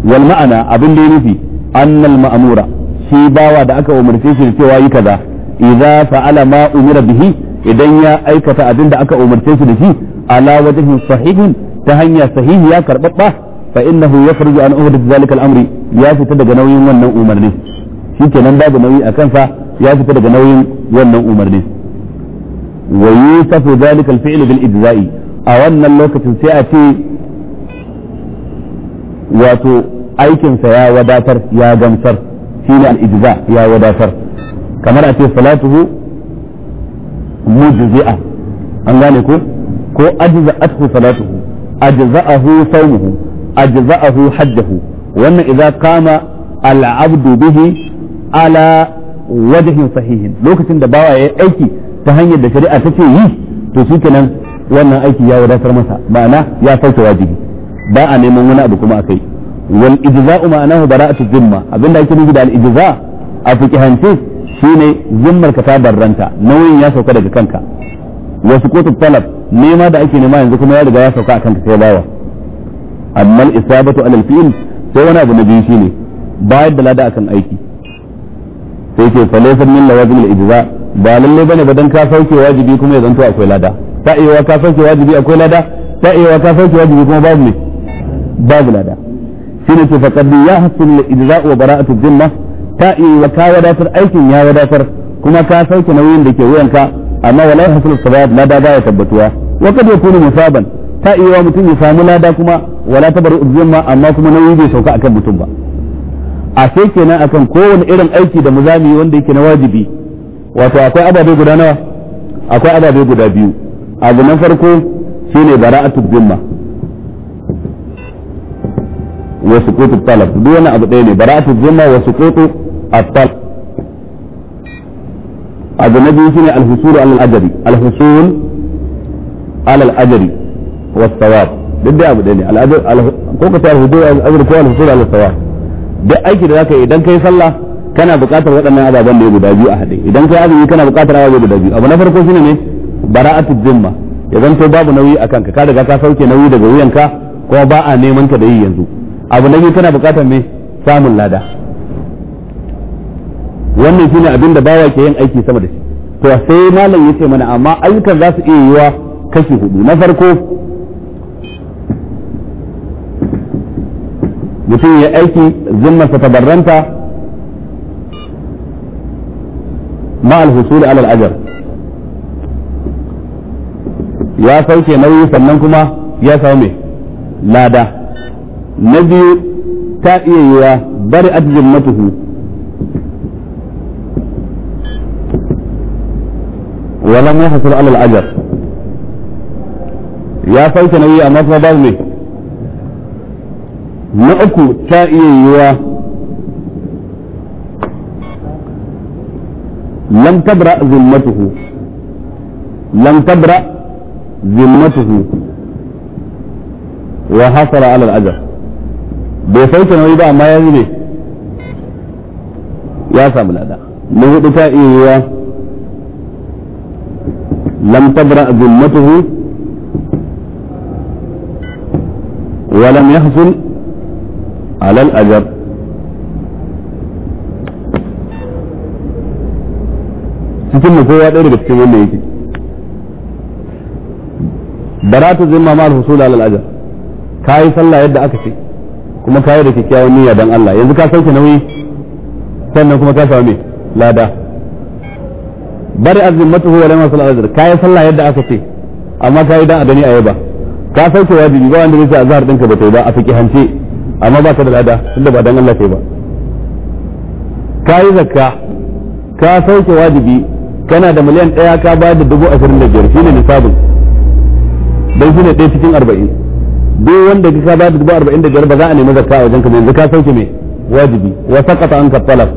wal ma'ana abin da ya nufi annan ma'amura shi bawa da aka umarce shi cewa yi kaza idza fa'ala ma umira bihi idan ya aikata abinda aka umarce shi da shi ala wajhin sahihin ta hanya sahihiya karbabba fa innahu yakhruju an uhdath zalika al-amri ya fita daga nauyin wannan umarni shikenan babu nauyi a kansa ya fita daga nauyin wannan umarni wa yusafu zalika al-fi'l bil ijza'i a wannan lokacin sai a ce wato aikinsa ya wadatar ya gamsar shi ne al'ijiza ya wadatar kamar a ce salatuhu mujzi'a an gane ko ko ajza'athu salatuhu ajza'ahu sawmuhu ajza'ahu hajjahu wannan idza qama al bihi ala wajhin sahihin lokacin da bawa ya aiki ta hanyar da shari'a ta ce yi to shikenan wannan aiki ya wadatar masa ma'ana ya sauke wajibi ba a neman wani abu kuma akai wal ijza'u a bara'atu zimma abinda ake nufi da al ijza a fiqhance shine zimmar ka ta barranta nauyin ya sauka daga kanka wa suqutu talab nema da ake nema yanzu kuma ya riga ya sauka akan ka sai bawa amma al isabatu al fi'l sai wani abu na biyu shine bayar da lada akan aiki sai ce fa laysa min lawazim al ijza ba lalle bane ba dan ka sauke wajibi kuma ya akwai lada ta iya wajibi akwai lada ta iya wajibi kuma lada shine ce faqad ya hasul ijza'u wa bara'atu dhimma ta yi wa ka wadatar aikin ya wadatar kuma ka sauke nauyin da ke wuyanka amma wala hasul sabab na da ya tabbatuwa wa kad yakunu musaban ta iya wa mutum ya samu lada kuma wala bari dhimma amma kuma nauyi bai sauka akan mutum ba a sai kenan akan kowane irin aiki da muzami wanda yake na wajibi wato akwai ababe guda nawa akwai ababe guda biyu abu na farko shine bara'atu dhimma wa suqutu talab abu ɗaya ne bara'atu zimma wa suqutu at abu na biyu shine al-husul ala al-ajri al-husul ala duk da abu ɗaya ne al ko ka tsaya hudu al-ajr ko al-husul duk aiki da zaka yi idan kai sallah kana buƙatar waɗannan ababen da ya guda biyu a haɗe idan kai azumi kana buƙatar ababen guda biyu abu na farko shine ne bara'atu ya zanto babu nauyi akan ka ka kaka sauke nauyi daga ka kuma ba a neman ka da yi yanzu abu na biyu tana bukatar me samun lada wannan shine abin da bawa ke yin aiki sama da shi to sai malam ce mana amma ayyukan za su iya yiwa kashi hudu na farko mutum ya aiki zimmar ta tabarranta ma alhusul ala al'ajar ya sauke nauyi sannan kuma ya samu lada na biyu ta iya yiwa bari adjin matuhu walam ya hasar alal ajar ya farka yi amma kuma babu mai na uku ta iya yiwa lam tabra zimmatuhu lam tabra zimmatuhu wa hasara alal ajar bai sauke nauyi ba amma ya zube ya samu lada na hudu ta iya yiwa lam tabra zulmatuhu wa lam yahsul ala al-ajr cikin mu kowa ɗaya daga cikin wanda yake baratu zimma ma al-husul ala al-ajr kai sallah yadda aka ce kuma kayi da kyakkyawan niyya dan Allah yanzu ka sauke nauyi sannan kuma ka samu me lada bari huwa wa lam yasul ka yi sallah yadda aka ce amma ka yi dan adani yaba ka sauke wajibi ba wanda zai azhar dinka ba ta ba a fiqihance amma ba ka da lada tunda ba dan Allah kai ba ka yi zakka ka sauke wajibi kana da miliyan ɗaya ka bayar da dubu ashirin da biyar shine nisabin don ne ɗaya cikin arba'in duk wanda ka ba da dubu arba'in da biyar ba za a nemi zakka a wajen ka yanzu ka sauke mai wajibi wa sakata an talab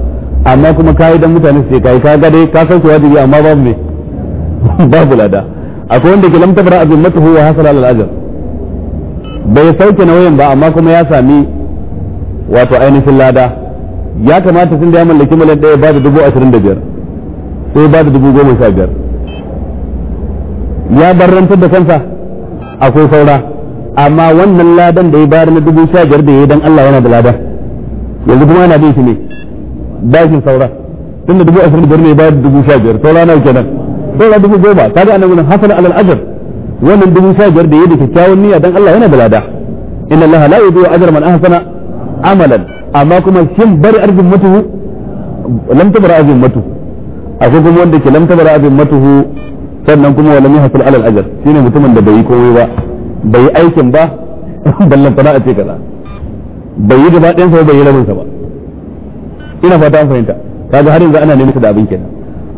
amma kuma yi dan mutane su kai ka ga dai ka sauke wajibi amma babu mai babu lada akwai wanda ke lamta bara abin matuhu wa hasala al ajr bai sauke nauyin ba amma kuma ya sami wato ainihin lada ya kamata sun da ya mallaki miliyan ɗaya ba da dubu ashirin da biyar sai ba da dubu goma sha biyar ya barrantar da kansa akwai saura amma wannan ladan da ya bayar na dubu sha biyar da ya dan Allah yana da ladan yanzu kuma yana bin shi ne bashin saura tunda dubu ashirin da biyar ne bayar dubu sha biyar saura nawa kenan saura dubu goma ta ga annabi hasan alal ajr wannan dubu sha biyar da ya da kyakkyawan niyya dan Allah yana da lada inna Allah la yudhi'u ajra man ahsana amalan amma kuma shin bari arjin mutuhu lam tabra arjin mutu akwai kuma wanda ke lam tabra arjin mutuhu sannan kuma walam yahsul alal ajr shine mutumin da bai yi komai ba bai yi aikin ba ballan fana a ce kaza bai yi gaba ɗayansa bai yi rabinsa ba ina fata fahimta fahimta kaga har yanzu ana neman da abin kenan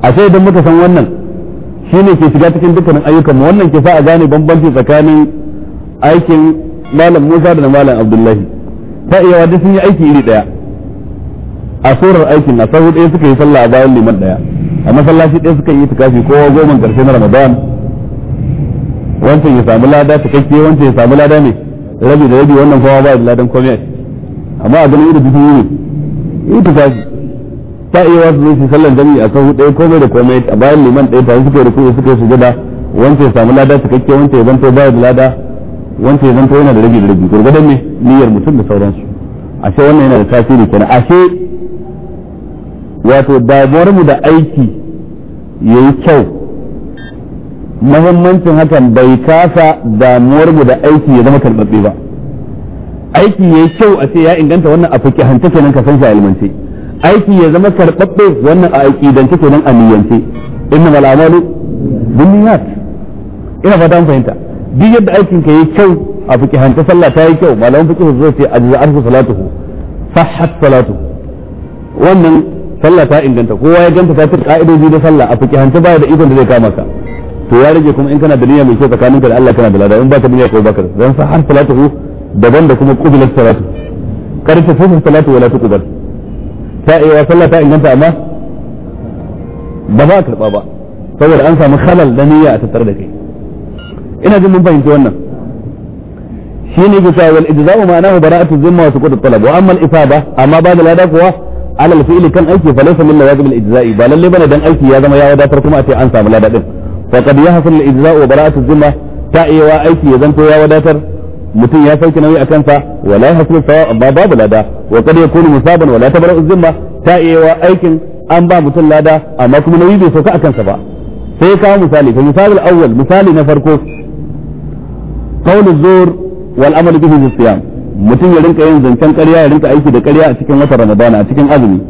a sai idan muka san wannan shine ke shiga cikin dukkanin ayyukan mu wannan ke sa a gane bambanci tsakanin aikin malam Musa da malam Abdullahi ta iya wanda sun yi aiki iri daya a surar aikin na sahu ɗaya suka yi sallah a bayan liman daya a masallaci ɗaya suka yi tukafi kowa goma karshe na Ramadan wancan ya samu lada ta cikakke wancan ya samu lada ne rabi da rabi wannan kowa ba da ladan komai amma a ganin irin bidiyo ne ita ta ta iya wasu zai sallan jami a kan hudu komai da komai a bayan liman ɗaya tare suka suke suka sujada wancan ya samu lada ta cikakke wancan ya zanto ba da lada wancan ya zanto yana da rabi da rabi gurgurdan ne niyyar mutum da sauransu ashe wannan yana da tasiri kenan ashe wato damuwar mu da aiki yayi kyau muhimmancin hakan bai kasa damuwar mu da aiki ya zama karbabbe ba aiki yi kyau a ce ya inganta wannan a hanta kenan ka san shi a ilmance aiki ya zama karbabbe wannan a aqidance kenan a niyyance inna mal amalu binniyat ina fata an fahimta duk yadda aikin ka yi kyau a hanta sallah ta yi kyau malaman fikihu zai ce ajza'atu salatuhu sahhat salatuhu wannan sallah ta inganta kowa ya ganta ta cika ka'idoji da sallah a hanta baya da ikon da zai kama ka to ya rage kuma in kana da niyya mai kyau tsakaninka da Allah kana da ladan in baka niyya ko baka dan sa har salatu daban da kuma qubilat salatu kar ta fusa salatu wala tuqbal ta yi wa sallah ta ganta amma ba ba karba ba saboda an samu khalal da niyya a tattare da kai ina jin mun bayyana wannan shi ne bisa wal ijza'u ma'anahu bara'atu zimma wa sukutu talab wa amma al ifada amma ba da ladan kuwa ala al fi'li kan aiki fa laysa min lawazim al ijza'i ba lalle bane dan aiki ya zama ya wadatar kuma a ce an samu lada din faqad yahsul al-ijza wa bara'atu dhimma ta iya aiki ya zanto ya wadatar mutum ya sauke nauyi a kansa wala yahsul sawa amma babu lada wa qad yakunu musaban wala tabara'u dhimma ta iya aikin an ba mutum lada amma kuma nauyi bai sauka a kansa ba sai kawo misali fa misali al-awwal misali na farko qawlu zur wal amal bihi fi siyam mutum ya rinka yin zancen ƙarya ya rinka aiki da ƙarya a cikin watan ramadana a cikin azumi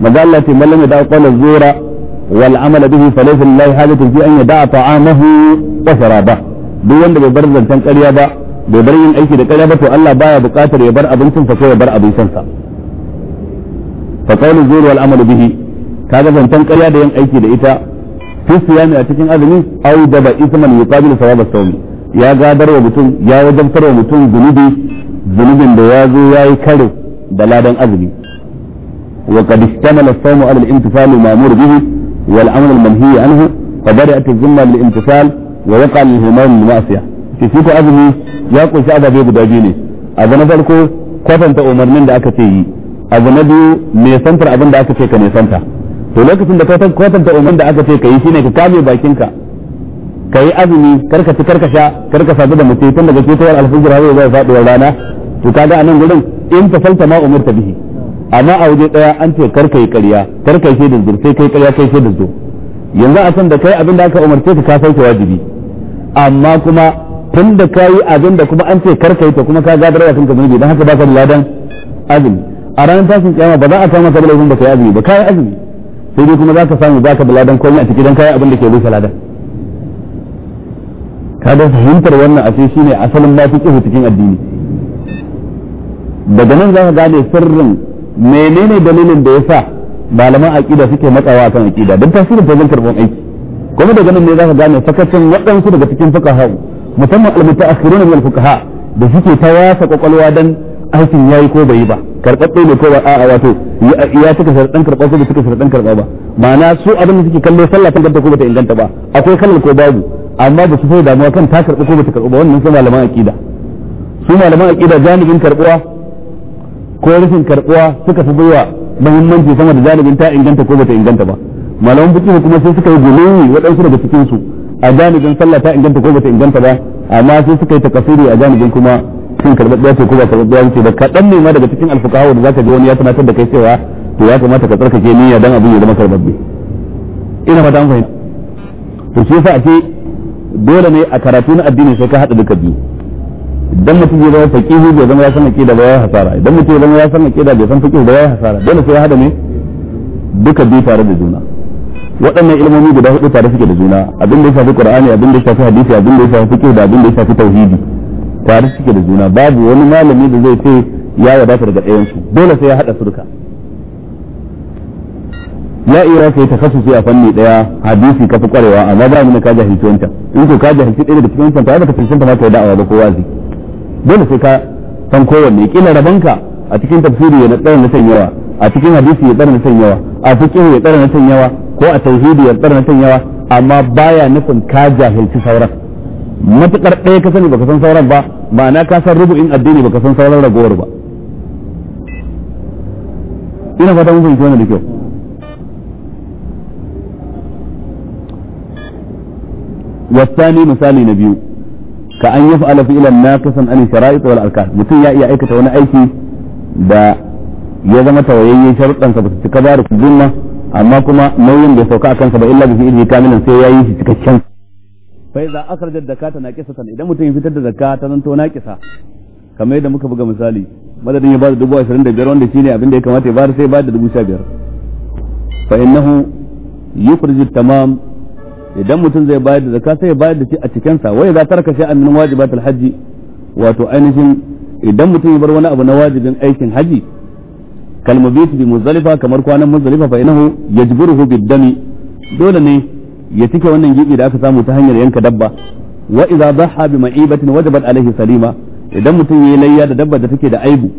maza Allah ce mallam ya da qawlu zura والعمل به فليس لله حاجة في أن يدع طعامه وشرابه duk wanda bai bar zancen ƙarya ba bai bar yin aiki da ƙarya ba to Allah baya buƙatar ya bar abincin sa ko ya bar abincin sa fa qawlu wal amalu bihi kaga zancen ƙarya da yin aiki da ita fi siyami a cikin azumi au daba isman yuqabilu sawab as-sawmi ya gadar wa mutum ya wajabtar wa mutum zunubi zunubin da ya zo yayi kare da ladan azumi wa qad istamala as-sawmu al-imtithal ma'mur bihi والأمر المنهي عنه فبدأت الذمة للامتثال ويقع للهمام المعصية في سيكو ya ƙunshi سأبا guda دابيني أبنى ذلك kwatanta ta umarnin da aka ce yi abu na biyu nesantar abin da aka ce ka nesanta to lokacin da ka kwatanta umarnin da aka ce ka yi shine ka kame bakinka ka yi azumi karka ci karka sha karka sadu da mace tun daga fitowar alfijir har zuwa faduwar rana to kaga a nan gurin in ta ma umarta bihi amma a waje daya an ce kar kai ƙarya kar kai shaidar zur sai kai ƙarya kai shaidar zur yanzu a san da kai abin da aka umarce ka ka sauke wajibi amma kuma tun da ka yi abin da kuma an ce kar kai ta kuma ka gadar wa kanka zunubi dan haka ba ka da ladan azumi a ranar tashin kiyama ba za a kama ka da laifin ba kai azumi ba kai azumi sai dai kuma za ka samu ba ka da ladan komai a cikin dan kai abin da ke rusa ladan da fahimtar wannan a sai shine asalin mafi kihu cikin addini daga nan za ka gane sirrin menene dalilin da yasa malaman aqida suke matsawa akan aqida don tasirin da zan karban aiki kuma daga nan ne zaka gane fakacin waɗansu daga cikin fuqaha musamman al-mutaakhirun min al-fuqaha da suke ta wasa kwakwalwa dan aikin yayi ko bai yi ba karɓaɓɓe ne ko ba a'a wato ya suka sharaɗan karɓa ko bai cika sharaɗan karɓa ba ma'ana su abin da suke kalle sallah ta ganta ko bata inganta ba akwai kallon ko babu amma ba su so damuwa kan ta karɓa ko bata karɓa ba wannan su malaman aqida su malaman aqida janibin karɓuwa ko rashin karbuwa suka fi baiwa muhimmanci sama da jalibin ta inganta ko bata inganta ba malaman fiqh kuma sai suka yi gumi waɗansu daga cikin su a jalibin sallah ta inganta ko bata inganta ba amma sai suka yi takasiri a jalibin kuma sun karɓaɓɓiya ce ko ba karɓaɓɓiya ce da kaɗan ne ma daga cikin alfuqaha da zaka ji wani ya tunatar da kai cewa to ya kamata ka tsarkake niyya dan abin ya zama karɓaɓɓe ina fata an fahimta to shi yasa a ce dole ne a karatu na addini sai ka haɗa duka biyu idan mutum ya zama faqihu bai zama ya san aqida ba ya hasara idan mutum ya zama ya san aqida bai san faqihu ba ya hasara dole sai ya hada ne duka biyu tare da juna waɗannan ilmomi guda hudu tare suke da juna abin da ya shafi qur'ani abin da ya shafi hadisi abin da ya shafi fiqh da abin da ya shafi tauhidi tare suke da juna babu wani malami da zai ce ya wadata daga ɗayan su dole sai ya hada su duka ya ira kai sai a fanni daya hadisi ka fi kwarewa amma ba mu ka jahilci wancan in ko ka jahilci ɗaya da cikin wancan ta ba ka tantance ma kai da'awa ba ko wazi dole sai ka san kowanne kila rabanka a cikin tafsiri ya tsara na yawa a cikin hadisi ya tsara na yawa a cikin ya tsara na yawa ko a tauhidi ya tsara na yawa amma baya nufin ka jahilci sauran matukar ɗaya ka sani baka san sauran ba ma'ana ka san rubu'in addini baka san sauran ragowar ba ina fata mun fahimci wannan da kyau wasani misali na biyu ka an yaf'ala fi'lan naqisan an shara'it wal arkan mutum ya iya aikata wani aiki da ya zama tawayayye sharuɗan sa ba su cika ba da sunna amma kuma nauyin bai sauka akan sa ba illa bi fi'li kamilan sai ya yi shi cikakken fa idza akhraja zakata naqisatan idan mutum ya fitar da zakata nan to naqisa kamar yadda muka buga misali madadin ya ba da dubu ashirin da biyar wanda shine abin da ya kamata ya ba sai ba da dubu sha biyar fa innahu yukhrij tamam idan mutum zai bayar da zakka sai ya bayar da shi a cikin sa wai za tarka shi annin wajibatul hajji wato ainihin idan mutum ya bar wani abu na wajibin aikin haji kalmabit bi bi muzalifa kamar kwanan muzalifa fa inahu yajburuhu bid-dami dole ne ya cike wannan gibi da aka samu ta hanyar yanka dabba wa idza dhaha bi ma'ibatin wajabat alaihi salima idan mutum yayi layya da dabbar da take da aibu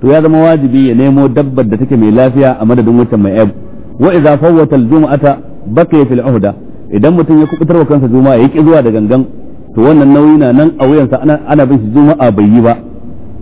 to ya zama wajibi ya nemo dabbar da take mai lafiya a madadin wata mai aibu wa idza fawwata al-jum'ata baqiya fil uhda idan mutum ya kubutar wa kansa juma'a ya ki zuwa da gangan to wannan nauyi na nan a wuyansa ana ana bin shi juma'a bai yi ba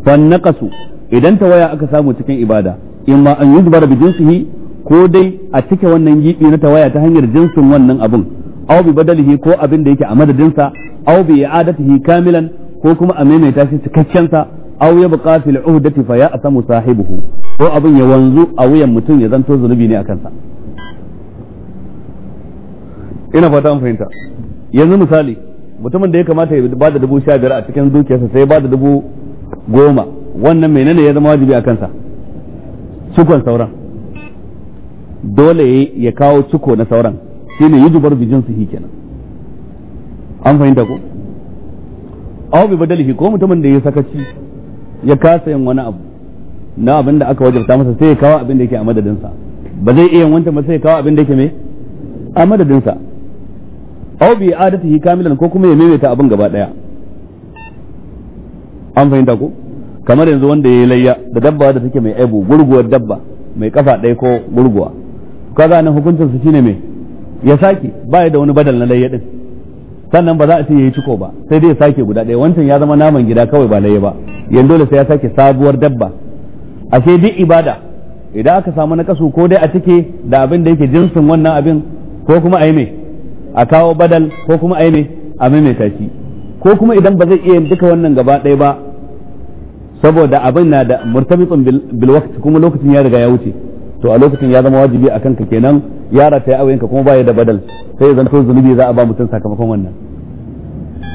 fa naqasu idan tawaya aka samu cikin ibada in ma an yuzbar bi jinsihi ko dai a cike wannan gibi na tawaya ta hanyar jinsin wannan abun aw bi badalihi ko abin da yake a sa aw bi i'adatihi kamilan ko kuma a maimaita shi cikakken sa aw ya buqa fil uhdati fa ya asamu sahibihi ko abin ya wanzu a wuyan mutum ya zanto zunubi ne a kansa ina fata an fahimta yanzu misali mutumin da ya kamata ya ba da dubu sha biyar a cikin dukiyarsa sai ba da dubu goma wannan menene ya zama wajibi a kansa cikon sauran dole ya kawo ciko na sauran shine yujubar bijin su kenan an fahimta ko awo bi badalihi ko mutumin da ya sakaci ya kasa yin wani abu na abin da aka wajabta masa sai ya kawo abin da yake a madadinsa ba zai iya wancan ba sai ya kawo abin da yake mai a madadinsa aw bi adatihi kamilan ko kuma ya maimaita abin gaba daya an fahimta ko kamar yanzu wanda ya layya da dabba da take mai aibu gurguwar dabba mai kafa ɗaya ko gurguwa kaga nan hukuncin su shine mai ya sake baya da wani badal na layya din sannan ba za a ce yayi ciko ba sai dai ya sake guda ɗaya wancan ya zama naman gida kawai ba layya ba yanzu dole sai ya sake sabuwar dabba sai duk ibada idan aka samu na kasu ko dai a cike da abin da yake jinsin wannan abin ko kuma a yi mai a kawo badal ko kuma a yi a maimaita shi ko kuma idan ba zai iya duka wannan gaba ɗaya ba saboda abin na da murtabitsun bil waqt kuma lokacin ya riga ya wuce to a lokacin ya zama wajibi a kanka kenan ya rataya auyenka kuma ya da badal sai zan to zunubi za a ba mutum sakamakon wannan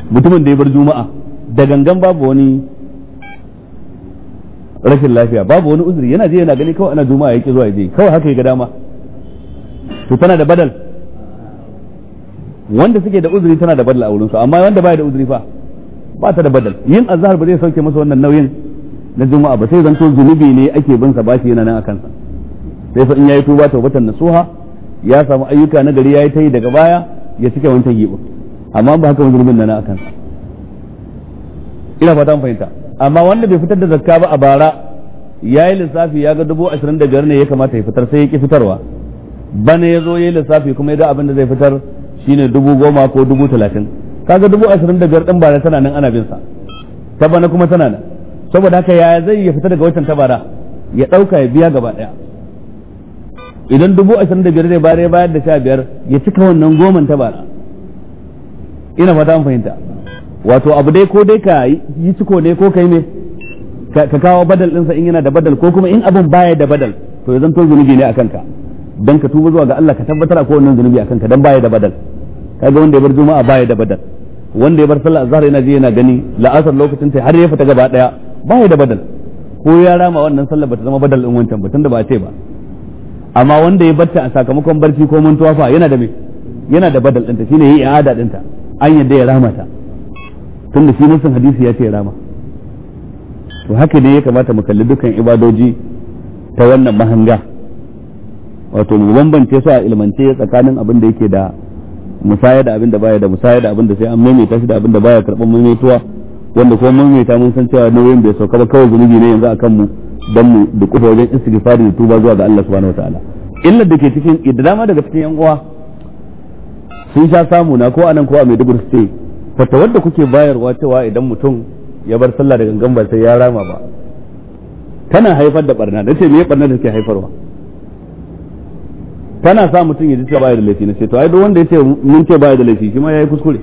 mutumin da ya bar juma'a da gangan babu wani rashin lafiya babu wani uzuri yana je yana gani kawai ana juma'a yake zuwa ya je kawai haka ya ga dama to tana da badal wanda suke da uzuri tana da badal a wurin su amma wanda baya da uzuri fa ba ta da badal yin azhar ba zai sauke masa wannan nauyin na juma'a ba sai zanto zunubi ne ake bin sa bashi yana nan a kansa sai fa in yayi tuba tawbatan nasuha ya samu ayyuka na gari yayi ta yi daga baya ya cike wancan gibo amma ba haka zunubin nan a kansa ina fata mun fahimta amma wanda bai fitar da zakka ba a bara yayi lissafi ya ga dubu ashirin da biyar ne ya kamata ya fitar sai ya ki fitarwa bana ya zo yayi lissafi kuma ya ga abin da zai fitar shine dubu goma ko dubu talatin kaga dubu ashirin da biyar din bara tana nan ana bin sa ta bana kuma tana nan saboda haka yaya zai ya fita daga wancan tabara ya dauka ya biya gaba daya idan dubu ashirin da biyar zai bare bayar da sha biyar ya cika wannan goman tabara ina fata an fahimta wato abu dai ko dai ka yi ciko ne ko kai ne ka kawo badal ɗinsa in yana da badal ko kuma in abin baya da badal to ya zanto zunubi ne a kanka don ka tuba zuwa ga Allah ka tabbatar a kowannan zunubi a kanka don baya da badal kaga wanda ya bar juma'a baya da badal wanda ya bar sallah azhar yana ji yana gani la'asar lokacin ta har ya fita gaba daya baya da badal ko ya rama wannan sallah bata zama badal din wancan ba tunda ba a ce ba amma wanda ya ta a sakamakon barci ko mantuwa fa yana da me yana da badal ta shine yayi i'ada ta an yadda ya rama ta tunda shi nasin hadisi ya ce ya rama to haka ne ya kamata mu kalli dukkan ibadoji ta wannan mahanga wato mu bambance su a ilmance tsakanin abin da yake da musaya da abin da baya da musaya da abin da sai an maimaita shi da abin da baya karban maimaituwa wanda kuma maimaita mun san cewa nauyin bai sauka ba kawai zunubi ne yanzu akan mu dan mu da kufa wajen istighfari da tuba zuwa ga Allah subhanahu wataala illar da ke cikin da dama daga cikin yan uwa sun sha samu na ko anan ko a Maiduguri ce fata wanda kuke bayarwa cewa idan mutum ya bar sallah da gangan ba sai ya rama ba tana haifar da barna nace me barna da ke haifarwa tana sa mutum ya ji cewa baya da laifi na ce to ai duk wanda ya ce mun ce baya da laifi shi ma yayi kuskure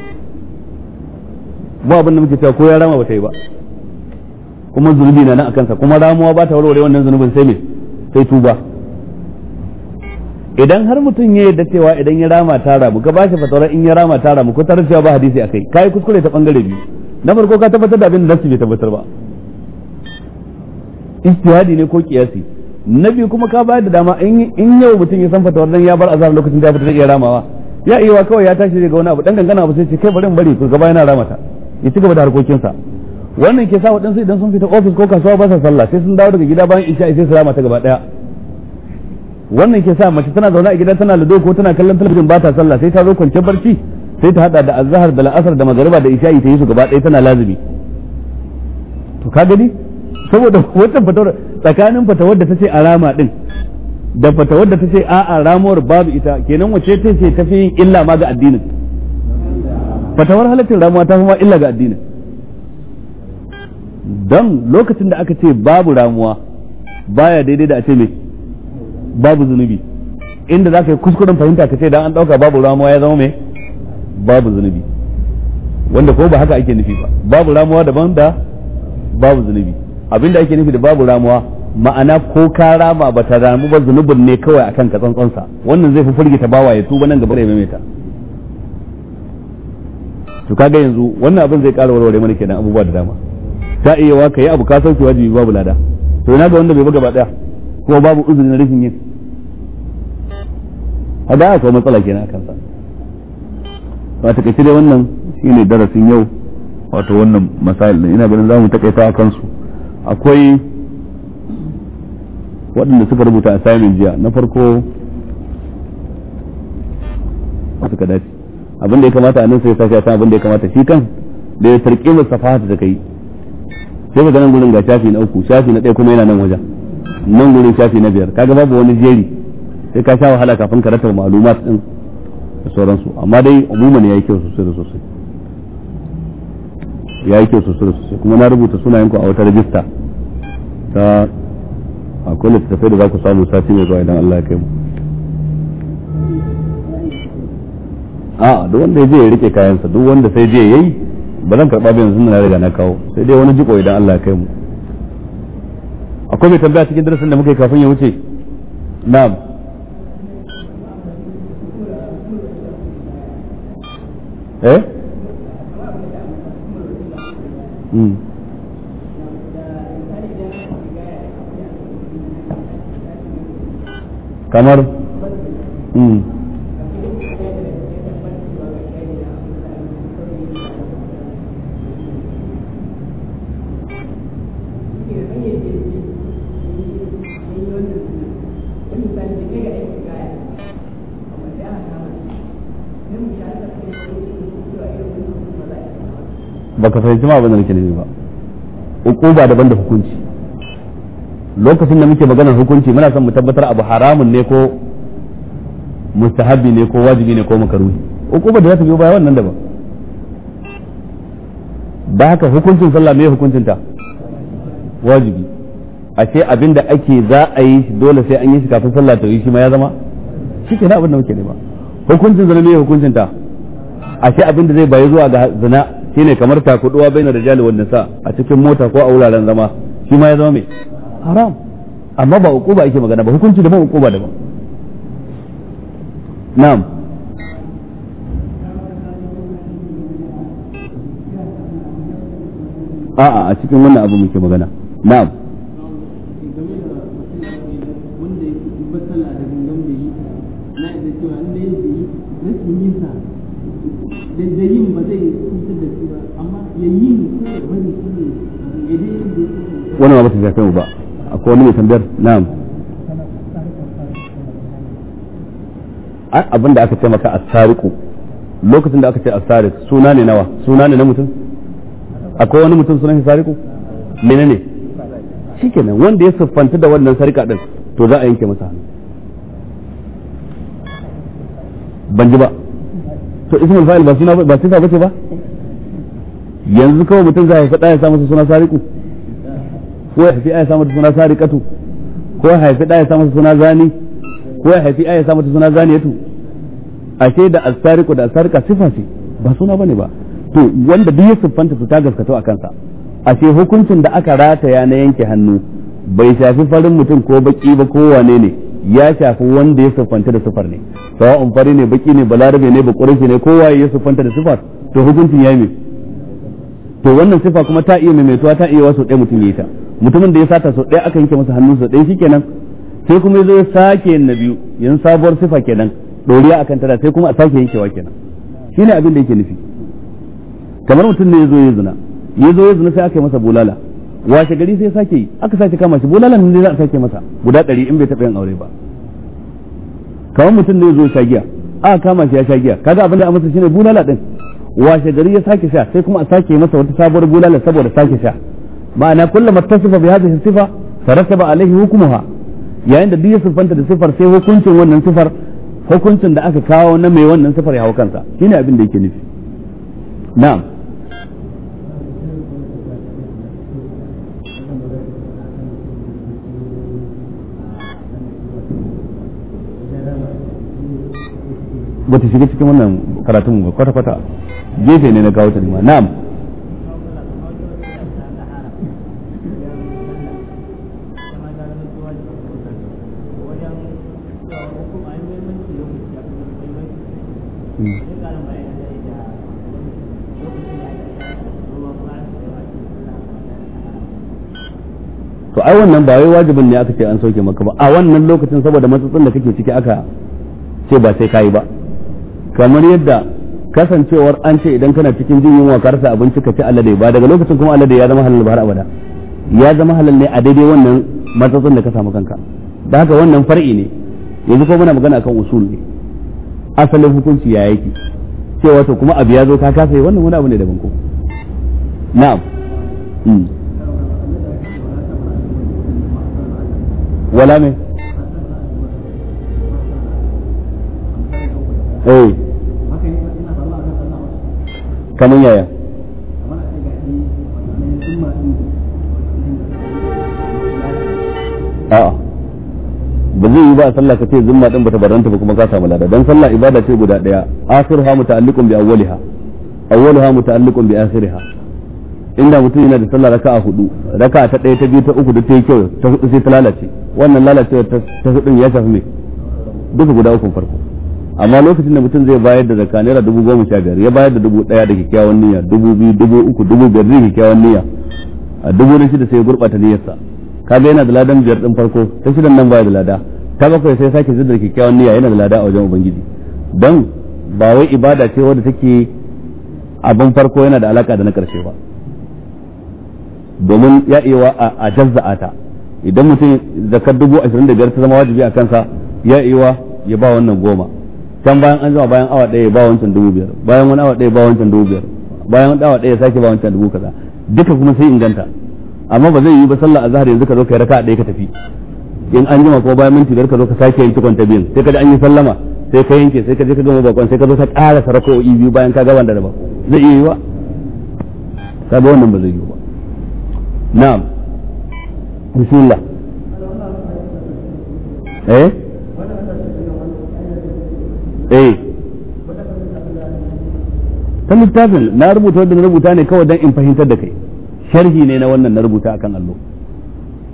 ba abin da muke cewa ko ya rama ba ta yi ba kuma zunubi na nan a kansa kuma ramuwa ba ta warware wannan zunubin sai me sai tuba idan har mutum ya yarda cewa idan ya rama ta ramu ka bashi fatawar in ya rama ta ramu ko tarar cewa ba hadisi akai kai kuskure ta bangare biyu na farko ka tabbatar da abin da nasu bai tabbatar ba istihadi ne ko kiyasi na biyu kuma ka bayar da dama in yau mutum ya san fata wannan ya bar azar lokacin da ya fita zai iya ramawa ya iya wa kawai ya tashi daga wani abu dan gangana abu sai ce kai bari bari ku gaba yana ramata ya ci gaba da harkokinsa wannan ke sa waɗansu idan sun fita ofis ko kasuwa ba sa sallah sai sun dawo daga gida bayan isha sai su ramata gaba daya wannan ke sa mace tana zaune a gida tana lado ko tana kallon talabijin ba ta sallah sai ta zo kwance barci sai ta hada da azhar da la'asar da magariba da isha ta yi su gaba daya tana lazimi to ka gani saboda wata fatawar tsakanin fata wadda ta ce a rama din da fata wadda ta ce a'a ramuwar babu ita kenan wace ta ce tafi yin illa ma ga addinin fatawar halittar ramuwa ta kuma illa ga addinin don lokacin da aka ce babu ramuwa baya daidai da a ce mai babu zunubi inda za ka yi kuskuren fahimta ka ce dan an dauka babu ramuwa ya zama mai babu zunubi wanda ko ba haka ake nufi ba babu ramuwa daban da babu zunubi abinda ake nufi da babu ramuwa ma'ana ko ka rama ba ta ramu ba zunubin ne kawai akan ka tsantsansa wannan zai fi firgita bawa ya tuba nan gaba da ya maimaita to kaga yanzu wannan abin zai ƙara warware mana kenan abubuwa da dama ta iya wa ka yi abu ka sauke wajibi babu lada to ina ga wanda bai buga ba daya kuma babu uzuri na rashin yin hada akwai matsala kenan akan sa wato kace dai wannan shine darasin yau wato wannan masalin ina ganin zamu takaita akan su akwai waɗanda suka rubuta a assignment jiya na farko suka dace abin da ya kamata a nan sai sashi a san abin da ya kamata shi kan da ya tarƙi masa safahata da kai sai ka ganin gurin ga shafi na uku shafi na ɗaya kuma yana nan wajen nan gurin shafi na biyar kaga babu wani jeri sai ka sha wahala kafin ka rasa ma'lumat din da sauransu amma dai umuman yi kyau sosai da sosai ya yi kyau sosai sosai kuma na rubuta sunayen ku a wata rajista ta akwai littattafai da za ku samu sati mai zuwa idan Allah ya kai mu a duk wanda ya je ya rike kayansa duk wanda sai je yi ba zan karba biyan sun na riga na kawo sai dai wani jiko idan Allah ya kai mu akwai mai tambaya cikin darasin da muka yi kafin ya wuce na'am eh Mm. kamar mm. baka fahimci ma abin da nake nufi ba uquba daban da hukunci lokacin da muke maganar hukunci muna son mu tabbatar abu haramun ne ko mustahabi ne ko wajibi ne ko makaruhi uquba da za ta biyo baya wannan daban ba haka hukuncin sallah me hukuncin ta wajibi ce abin da ake za a yi dole sai an yi shi kafin sallah ta yi shi ma ya zama shi ke abin da muke nema hukuncin zina me hukuncin ta ce abin da zai bayi zuwa ga zina shine kamar takuduwa bainar rijali wan nisa a cikin mota ko a wuraren zama shi ma ya zama mai haram amma ba uquba yake magana ba hukunci da ba uquba da ba na'am a'a a cikin wannan abu muke magana na'am da yin ba zai wannan ba ta shafe mu ba akwai wani mai tambayar na'am abin da aka ce maka asariku lokacin da aka ce asarik suna ne nawa suna ne na mutum akwai wani mutum sunan sariku menene shikenan wanda ya siffanta da wannan sarika din to za a yanke masa hannu ban ji ba to ismul fa'il ba suna ba sifa ba yanzu kawai mutum za haifi faɗa ya samu suna sariku ko ya haifi ɗaya ya samu suna sarikatu ko ya haifi ɗaya ya samu suna zani ko ya haifi ɗaya ya samu suna zaniyatu ashe da asariku da asarika sifa ce ba suna bane ba to wanda duk ya siffanta su ta gaskato a kansa ashe hukuncin da aka rataya na yanke hannu bai shafi farin mutum ko baki ba ko wane ne ya shafi wanda ya siffanta da sifar ne sawa'un fari ne baki ne balarabe ne bakurashi ne kowa ya siffanta da sifar to hukuncin ya yi to wannan sifa kuma ta iya maimaituwa ta iya wasu ɗaya mutum ya yi ta mutumin da ya sata sau ɗaya aka yanke masa hannu sau ɗaya shikenan sai kuma zo ya sake yin na biyu yanzu sabuwar sifa kenan a akan tada sai kuma a sake yankewa kenan shi ne abin da yake nufi kamar mutum ne ya zo ya zina zo ya zina sai aka yi masa bulala washe gari sai ya sake yi aka sake kama shi bulalan ne za a sake masa guda ɗari in bai taɓa yin aure ba kamar mutum ne zo ya sha giya aka kama shi ya sha giya kaga abin da a masa shine bulala din washe gari ya sake sha sai kuma a sake masa wata sabuwar bulala saboda sake sha ma'ana kullum mattasifa bi hadhihi sifa farattaba alaihi hukmuha yayin da duk ya siffanta da sifar sai hukuncin wannan sifar hukuncin da aka kawo na mai wannan sifar ya hau kansa shine abin da yake nufi na'am bata shiga cikin wannan karatun ba kwata-kwata gefe ne na kawo ta nima na'am to ai wannan ba wai wajibin ne aka ce an sauke maka ba a wannan lokacin saboda matsatsin da kake ciki aka ce ba sai kayi ba kamar yadda kasancewar an ce idan kana cikin jin yunwa ka rasa abinci ka ci alade ba daga lokacin kuma alade ya zama halal ba har abada ya zama halal ne a daidai wannan matsatsin da ka samu kanka da haka wannan far'i ne yanzu ko muna magana akan usul ne asalin hukunci ya yake cewa to kuma abu ya zo ka kasa wannan wani abu ne daban ko na'am hmm. wala me eh kamar yaya a'a ba zai yi ba sallah ka ce zumma din bata baranta ba kuma ka samu lada dan sallah ibada ce guda daya akhiruha muta'alliqun bi awwaliha awwaluha muta'alliqun bi akhiriha inda mutum yana da sallah raka'a hudu raka'a ta daya ta biyu ta uku da ta yi kyau ta hudu sai ta lalace wannan lalacewa ta hudun ya shafi me duka guda ukun farko amma lokacin da mutum zai bayar da zakka naira dubu goma sha biyar ya bayar da dubu ɗaya da kyakkyawan niyya dubu biyu dubu uku dubu biyar da kyakkyawan niyya a dubu na shida sai ya gurɓata niyyarsa kaga yana da ladan biyar ɗin farko ta shidan nan baya da lada ta bakwai sai sake zidda kyakkyawan niyya yana da lada a wajen ubangiji don ba wai ibada ce wadda take abin farko yana da alaka da na ƙarshe ba domin ya iya a jazza'a ta idan mutum zakar dubu ashirin da biyar ta zama wajibi a kansa ya iya ya ba wannan goma can bayan an zama bayan awa ɗaya ba wancan dubu biyar bayan wani awa ɗaya ba wancan dubu biyar bayan wani awa ɗaya sake ba wancan dubu kaza duka kuma sai inganta amma ba zai yi ba sallah a zahar yanzu ka zo kai raka'a ɗaya ka tafi in an jima ko bayan minti biyar ka zo ka sake yanki kwanta biyun sai ka ji an yi sallama sai ka yanke sai ka je ka gama bakon sai ka zo ka ƙara o'i biyu bayan ka gaban da ba zai iya ba kaga wannan ba zai yi ba na'am bismillah eh eh ta littafin na rubuta wanda na rubuta ne kawai don in fahimtar da kai sharhi ne na wannan na rubuta akan allo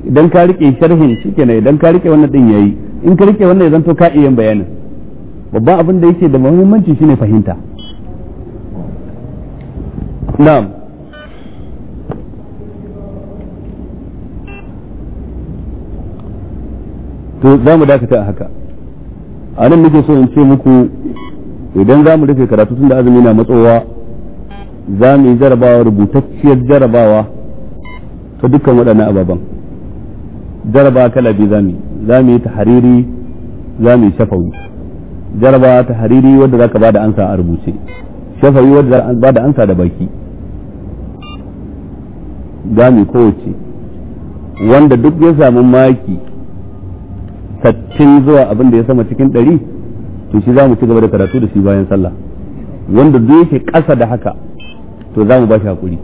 idan ka rike sharhin shike ne idan ka rike wannan din yayi in ka rike wannan ya zanto ka iya bayanin babban abin da yake da muhimmanci shine fahimta na'am to za mu dakata a haka a nan nake so in ce muku idan za mu rufe karatu tun da azumi na matsowa za mu yi jarabawa rubutacciyar jarabawa ta dukkan waɗannan ababen jaraba kala biyu za mu yi za mu yi ta hariri za mu yi shafawi jaraba ta hariri wadda za ka ba da ansa a rubuce shafawi wadda za ba da ansa da baki za mu yi kowace wanda duk ya samu maki 60 zuwa abin da ya sama cikin ɗari to shi mu ci gaba da karatu da shi bayan sallah wanda duk yake ƙasa da haka to za mu ba shi hakuri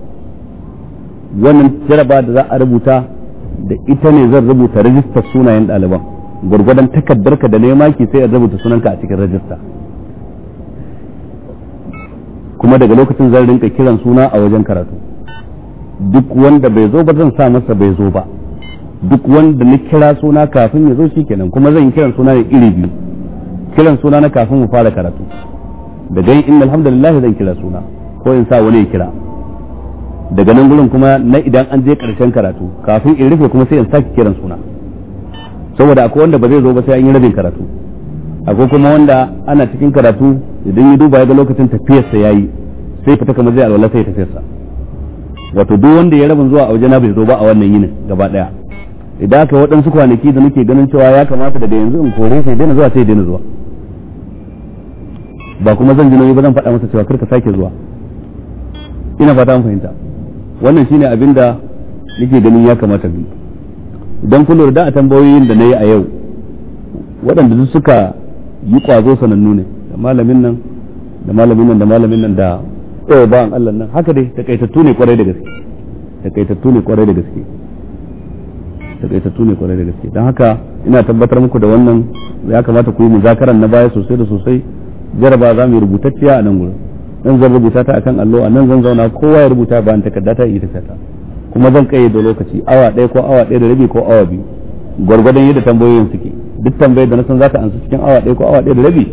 wannan jaraba da za a rubuta da ita ne zan rubuta rajistar sunayen ɗaliban gwargwadon takardarka da nema ki sai a rubuta sunanka a cikin rajista kuma daga lokacin zan rinka kiran suna a wajen karatu duk wanda bai zo ba zan sa masa bai zo ba duk wanda na kira suna kafin ya zo shi kenan kuma zan kiran suna ne iri biyu kiran suna na kafin mu fara karatu da dai inna alhamdulillah zan kira suna ko in sa wani ya kira daga nan gurin kuma na idan an je karshen karatu kafin in rufe kuma sai in saki kiran suna saboda akwai wanda ba zai zo ba sai an yi rabin karatu akwai kuma wanda ana cikin karatu idan ya duba ya ga lokacin tafiyarsa yayi sai fita kamar zai alwala sai tafiyarsa wato duk wanda ya rabin zuwa a wajena bai zo ba a wannan yinin gaba daya idan aka waɗansu kwanaki da nake ganin cewa ya kamata da yanzu in kore sai daina zuwa sai daina zuwa ba kuma zan ji nauyi ba zan faɗa masa cewa karka sake zuwa ina fata mun fahimta wannan shine abin da nake ganin ya kamata bi idan kun lura da a tambayoyin da na yi a yau waɗanda duk suka yi kwazo sanannu ne da malamin nan da malamin nan da malamin nan da tsaye eh, ba an Allah nan haka dai takaitattu ne kwarai da gaske takaitattu ne kwarai da gaske takaitattu ne kwarai da gaske don haka ina tabbatar muku da wannan ya kamata ku yi muzakaran na baya sosai da sosai jaraba za mu yi rubutacciya a nan gurin nan zan rubuta ta akan allo a nan zan zauna kowa ya rubuta bayan takarda ta yi takarda kuma zan da lokaci awa ɗaya ko awa ɗaya da rabi ko awa biyu gwargwadon yadda tambayoyin suke duk tambayar da na san za ta ansa cikin awa ɗaya ko awa ɗaya da rabi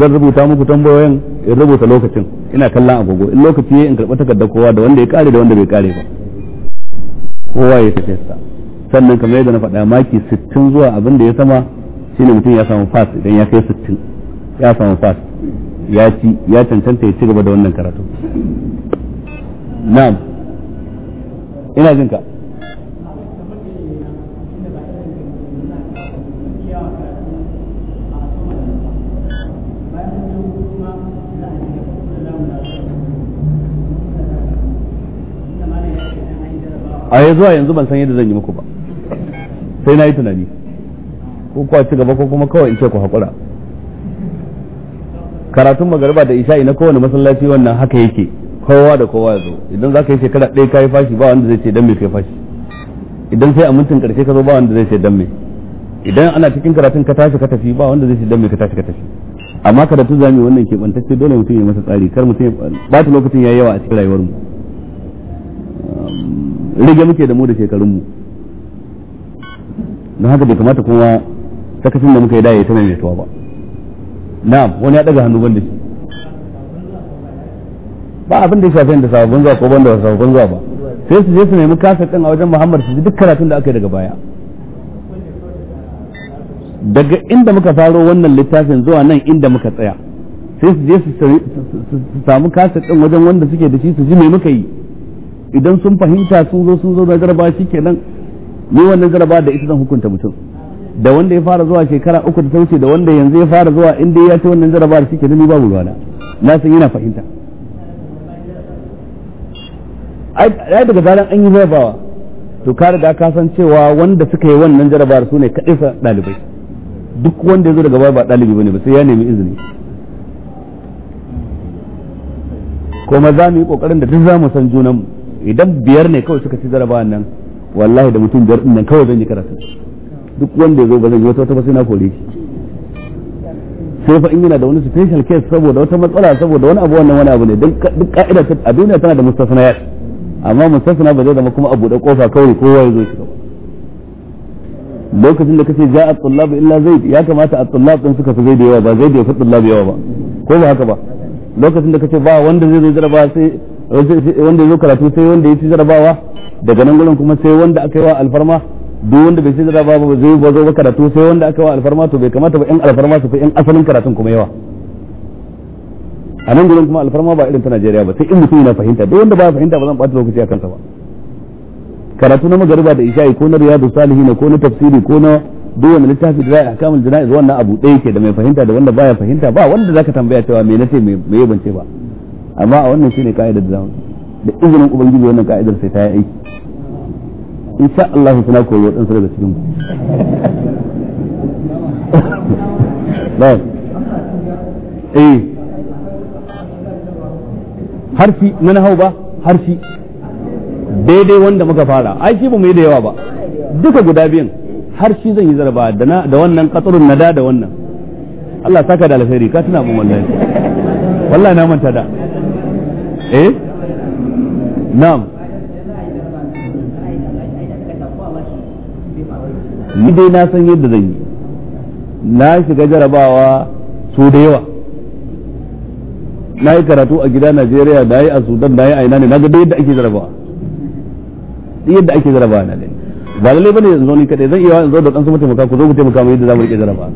zan rubuta muku tambayoyin in rubuta lokacin ina kallon agogo in lokaci ya in karɓi takardar kowa da wanda ya kare da wanda bai kare ba kowa ya tafiya sa sannan kamar yadda na faɗa maki 60 zuwa abin da ya sama shine mutum ya samu fas idan ya kai 60 ya samu fas ya ci ya cancanta ya ci gaba da wannan karatu na'am ina jin ka a yanzu zuwa yanzu ban san yadda zan yi muku ba sai na yi tunani ko kuwa ci gaba ko kuma kawai in ce ku haƙura karatun magariba da isha'i na kowane masallaci wannan haka yake kowa da kowa ya zo idan za ka yi shekara ɗaya ka yi fashi ba wanda zai ce dan me kai fashi idan sai a mintin ƙarshe ka zo ba wanda zai ce dan me idan ana cikin karatun ka tashi ka tafi ba wanda zai ce dan me ka tashi ka tafi amma karatu zami wannan ke bantacce dole mutum ya masa tsari kar mutum ya ta lokacin yi yawa a cikin rayuwar mu rige muke da mu da shekarun mu don haka bai kamata kuma sakacin da muka yi daya ya tana mai tuwa ba na'am wani ya daga hannu ban da shi ba abin da ya shafi da sababbin zuwa ko banda sababbin zuwa ba sai su je su nemi kasa kan a wajen Muhammad su ji duk karatun da aka yi daga baya daga inda muka faro wannan littafin zuwa nan inda muka tsaya sai su je su samu kasa kan wajen wanda suke da shi su ji me muka yi idan sun fahimta sun zo sun zo da garba nan. ni wannan jaraba da ita zan hukunta mutum da wanda ya fara zuwa shekara uku da sauce da wanda yanzu ya fara zuwa inda ya ci wannan shi da shike ni babu ruwana na san yana fahimta ai daga zaran an yi jarabawa to ka riga ka san cewa wanda suka yi wannan jarabar su ne kaɗai sa ɗalibai duk wanda ya zo daga ba ɗalibi bane ba sai ya nemi izini kuma za mu yi ƙoƙarin da duk za mu san junanmu idan biyar ne kawai suka ci jarabawar nan wallahi da mutum biyar nan kawai zan yi karatu duk wanda ya zo ba zan yi wata wata ba sai na kore shi sai fa in yana da wani special case saboda wata matsala saboda wani abu wannan wani abu ne duk ka'ida a duniya tana da mustasnayat amma mustasna ba zai zama kuma abu da kofa kawai kowa ya zo shi lokacin da kace ja'a tullab illa zaid ya kamata a tullab din suka fi zaid yawa ba zaid ya fi tullab yawa ba ko ba haka ba lokacin da kace ba wanda zai zo jaraba sai wanda ya zo karatu sai wanda ya ci jarabawa daga nan gurin kuma sai wanda aka yi wa alfarma duk wanda bai ci jarabawa ba zai zo ba karatu sai wanda aka yi wa alfarma to bai kamata ba in alfarma su fi in asalin karatun kuma yawa a nan gurin kuma alfarma ba irin ta Najeriya ba sai in mutum yana fahimta duk wanda ba fahimta ba zan bata lokaci a kansa ba karatu na magariba da isha'i ko na riyadu salihin ko na tafsiri ko na duk wani littafi da za'a kamun jana'iz wannan abu ɗaya ke da mai fahimta da wanda baya fahimta ba wanda zaka tambaya cewa me nace me ban bance ba amma a wannan shine ka'idar da zamu da izinin ubangiji wannan ka'idar sai ta yi aiki insha Allah suna koyo dan daga cikin mu eh harfi na nahau ba harfi daidai wanda muka fara ai shi ba mu yi da yawa ba duka guda biyan harshi zan yi zarba da na da wannan katsurun nada da wannan Allah saka da alheri ka tuna mun wallahi wallahi na manta da eh nam ni dai na san yadda zan yi na shiga jarabawa su da yawa na yi karatu a gida najeriya da yi a sudan da yi a ina ne na ga dai yadda ake jarabawa yadda ake jarabawa na gani ba lalle bane yanzu ni kadai zan iya zo da dan su mataimaka ku zo ku taimaka mu yadda zamu rike jarabawa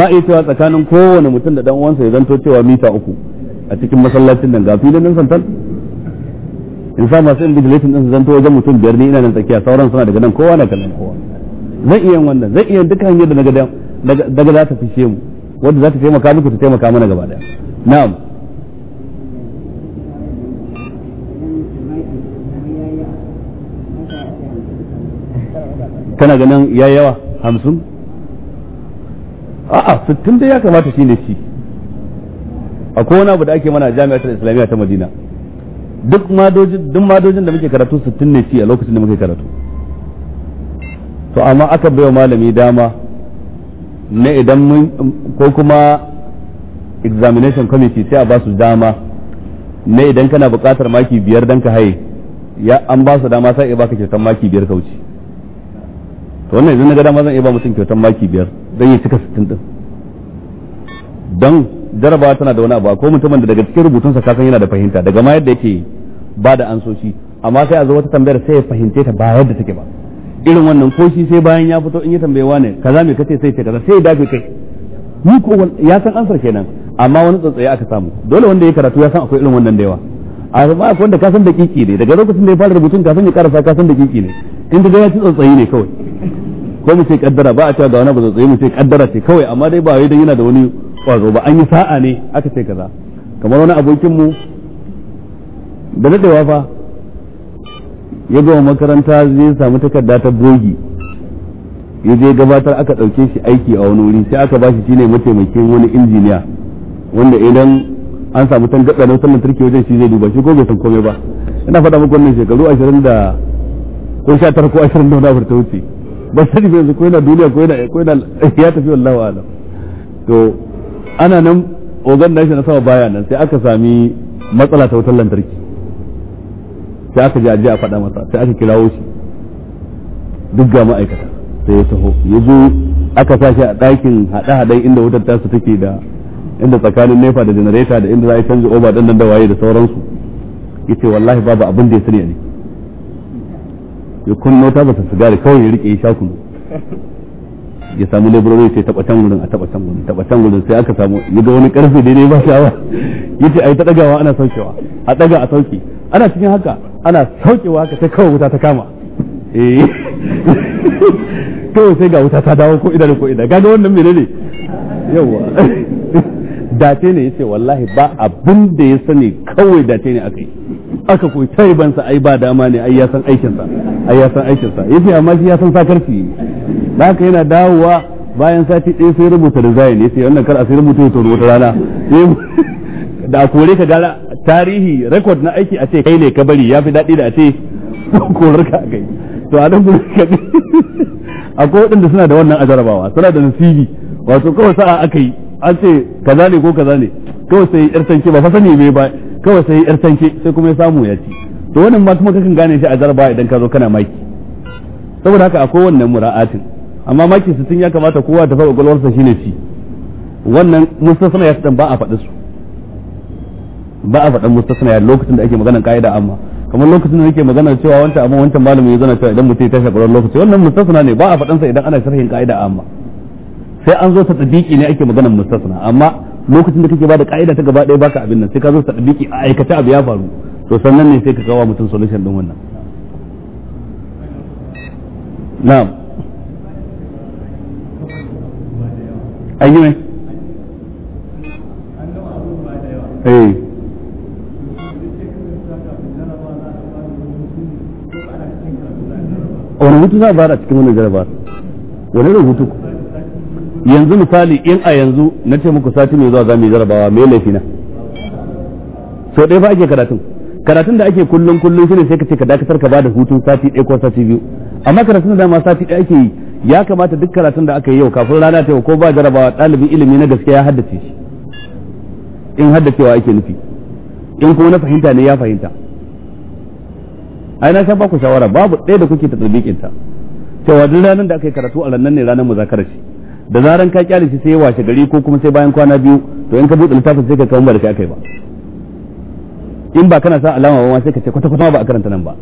na iya cewa tsakanin kowane mutum da dan uwansa ya zanto cewa mita uku a cikin masallacin nan ga filin nan santan in sa masu invigilation din su zanto wajen mutum biyar ne ina nan tsakiya sauran suna daga nan kowa na kallon kowa zai iya wannan zai iya duka hanyar da daga za ta fishe mu wadda za ta taimaka muku ta taimaka mana gaba daya na'am kana ganin yayawa yawa hamsin a'a sittin da ya kamata shi ne shi akwai wani abu da ake mana jami'atul islamiyya ta madina duk madojin duk madojin da muke karatu 60 ne ci a lokacin da muke karatu to amma aka baiwa malami dama na idan mun ko kuma examination committee sai a ba su dama na idan kana buƙatar maki biyar dan ka haye ya an ba su dama sai iya baka kyautar maki biyar kauci to wannan yanzu na ga dama zan iya ba mutum kyautar maki biyar zan yi cika 60 din don jarabawa tana da wani abu ko mutumin da daga cikin rubutunsa kasan yana da fahimta daga ma yadda yake ba da ansoshi amma sai a zo wata tambayar sai ya fahimce ta ba yadda take ba irin wannan ko shi sai bayan ya fito in ya tambaye wane kaza me kace sai ce kaza sai ya dafe kai ni ko ya san ansar kenan amma wani tsotsaye aka samu dole wanda ya karatu ya san akwai irin wannan da yawa ba akwai wanda kasan da kiki ne daga lokacin da ya fara rubutun kasan ya karasa kasan da kiki ne in da ya ci tsotsaye ne kawai ko mu ce kaddara ba a cewa ga wani ba tsotsaye mu ce kaddara ce kawai amma dai ba wai dan yana da wani kwazo ba an yi sa'a ne aka ce kaza kamar wani abokin mu da daɗewa fa ya gama makaranta zai samu takarda ta bogi ya je gabatar aka ɗauke shi aiki a wani wuri sai aka ba shi shine mataimakin wani injiniya wanda idan an samu tangaɗa na wutar lantarki wajen shi zai duba shi ko bai san komai ba ina faɗa muku wannan shekaru ashirin da ko sha tara ko ashirin da wani abu ta wuce ba sani yanzu ko yana duniya ko yana ya tafi wallahu alam to ana nan ogan nashi na sama baya nan sai aka sami matsala ta wutar lantarki sai aka ji ajiya a faɗa masa sai aka kirawo shi duk ga ma'aikata sai ya taho ya zo aka sa shi a ɗakin haɗe-haɗen inda wutar tasu take da inda tsakanin nefa da janareta da inda za a canza oba ɗin da waye da sauransu ya ce wallahi babu abin da ya sani ne ya kunno ta ba ta sigari kawai ya riƙe ya sha kunu ya samu laborori sai taba can gurin a taba can gurin taba can gurin sai aka samu ya ga wani karfe daidai ba shawa yace ai ta dagawa ana saukewa a daga a sauke ana cikin haka ana saukewa haka sai kawai wuta ta kama eh kawai sai ga wuta ta dawo ko idan ko idan gaga wannan menene yawa dace ne yace wallahi ba abin da ya sani kawai dace ne aka yi aka koyi taibansa ai ba dama ne ai ya san aikinsa ai ya san aikinsa yace amma shi ya san sakarci da haka yana dawowa bayan sati ɗaya sai rubuta da resign ya wannan kar a sai rubuta ya wata rana da kore ka gara tarihi record na aiki a ce kai ne ka bari ya fi daɗi da a ce korar ka kai to a nan gudu ka akwai waɗanda suna da wannan ajarabawa suna da nasibi wato kawai sa'a aka yi an ce kaza ne ko kaza ne kawai sai yar tanke ba fa sani me ba kawai sai yar tanke sai kuma ya samu ya ci to wannan ma kuma kakan gane shi a jarabawa idan ka zo kana maki saboda haka akwai wannan mura'atin amma maki sittin ya kamata kowa ta fara shi shine ci wannan mustasna ya dan ba a faɗi su ba a faɗan mustasna ya lokacin da ake maganar ka'ida amma kamar lokacin da nake maganar cewa wancan amma wancan malamin ya zana cewa idan mutum ya tashi gwalwar lokaci wannan mustasna ne ba a faɗansa idan ana sharhin ka'ida amma sai an zo ta tabiki ne ake maganar mustasna amma lokacin da kake ba da ka'ida ta gaba ɗaya baka abin nan sai ka zo ta tabiki a aikata abu ya faru to sannan ne sai ka kawo mutum solution din wannan na'am an yi mai eh. wani hutu za a a cikin wani jarabar wani rubutu yanzu misali in a yanzu na ce muku sati mai zuwa za mu yi jarabawa mai laifi na sau ɗaya fa ake karatun karatun da ake kullum kullum shine sai ka ce ka dakatar ka bada hutun sati ɗaya ko sati biyu amma karatun da dama sati ɗaya ake yi ya kamata duk karatun da aka yi yau kafin rana ta ko ba jarabawa ɗalibin ilimi na gaskiya ya haddace shi in haddacewa ake nufi in kuma na fahimta ne ya fahimta ai na san ba ku shawara babu ɗaya da kuke ta tsabikin ta cewa duk ranar da aka yi karatu a ranar ne ranar muzakarar shi da zaran ka kyale shi sai ya washe gari ko kuma sai bayan kwana biyu to in ka buɗe littafin sai ka kawo ba da kai ba in ba kana sa alama ba ma sai ka ce kwata kwata ba a karanta nan ba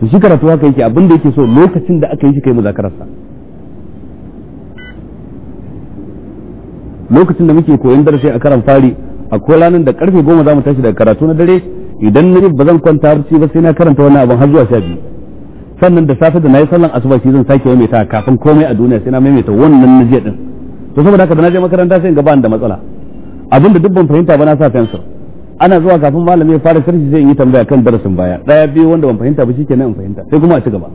to shi karatu haka yake abin da yake so lokacin da aka yi shi kai muzakarar sa lokacin da muke koyon darasi a karan fari akwai ranar da karfe goma za mu tashi daga karatu na dare idan na ba zan kwanta barci ba sai na karanta wannan abin har zuwa sha biyu sannan da safe da na yi sallan asuba shi zan sake maimaita kafin komai a duniya sai na maimaita wannan na jiya din to saboda haka da na je makaranta sai in gaba da matsala abinda da duk ban fahimta ba na sa fensir ana zuwa kafin malami ya fara sarki zai yi tambaya kan darasin baya daya biyu wanda ban fahimta ba shikenan in fahimta sai kuma a ci gaba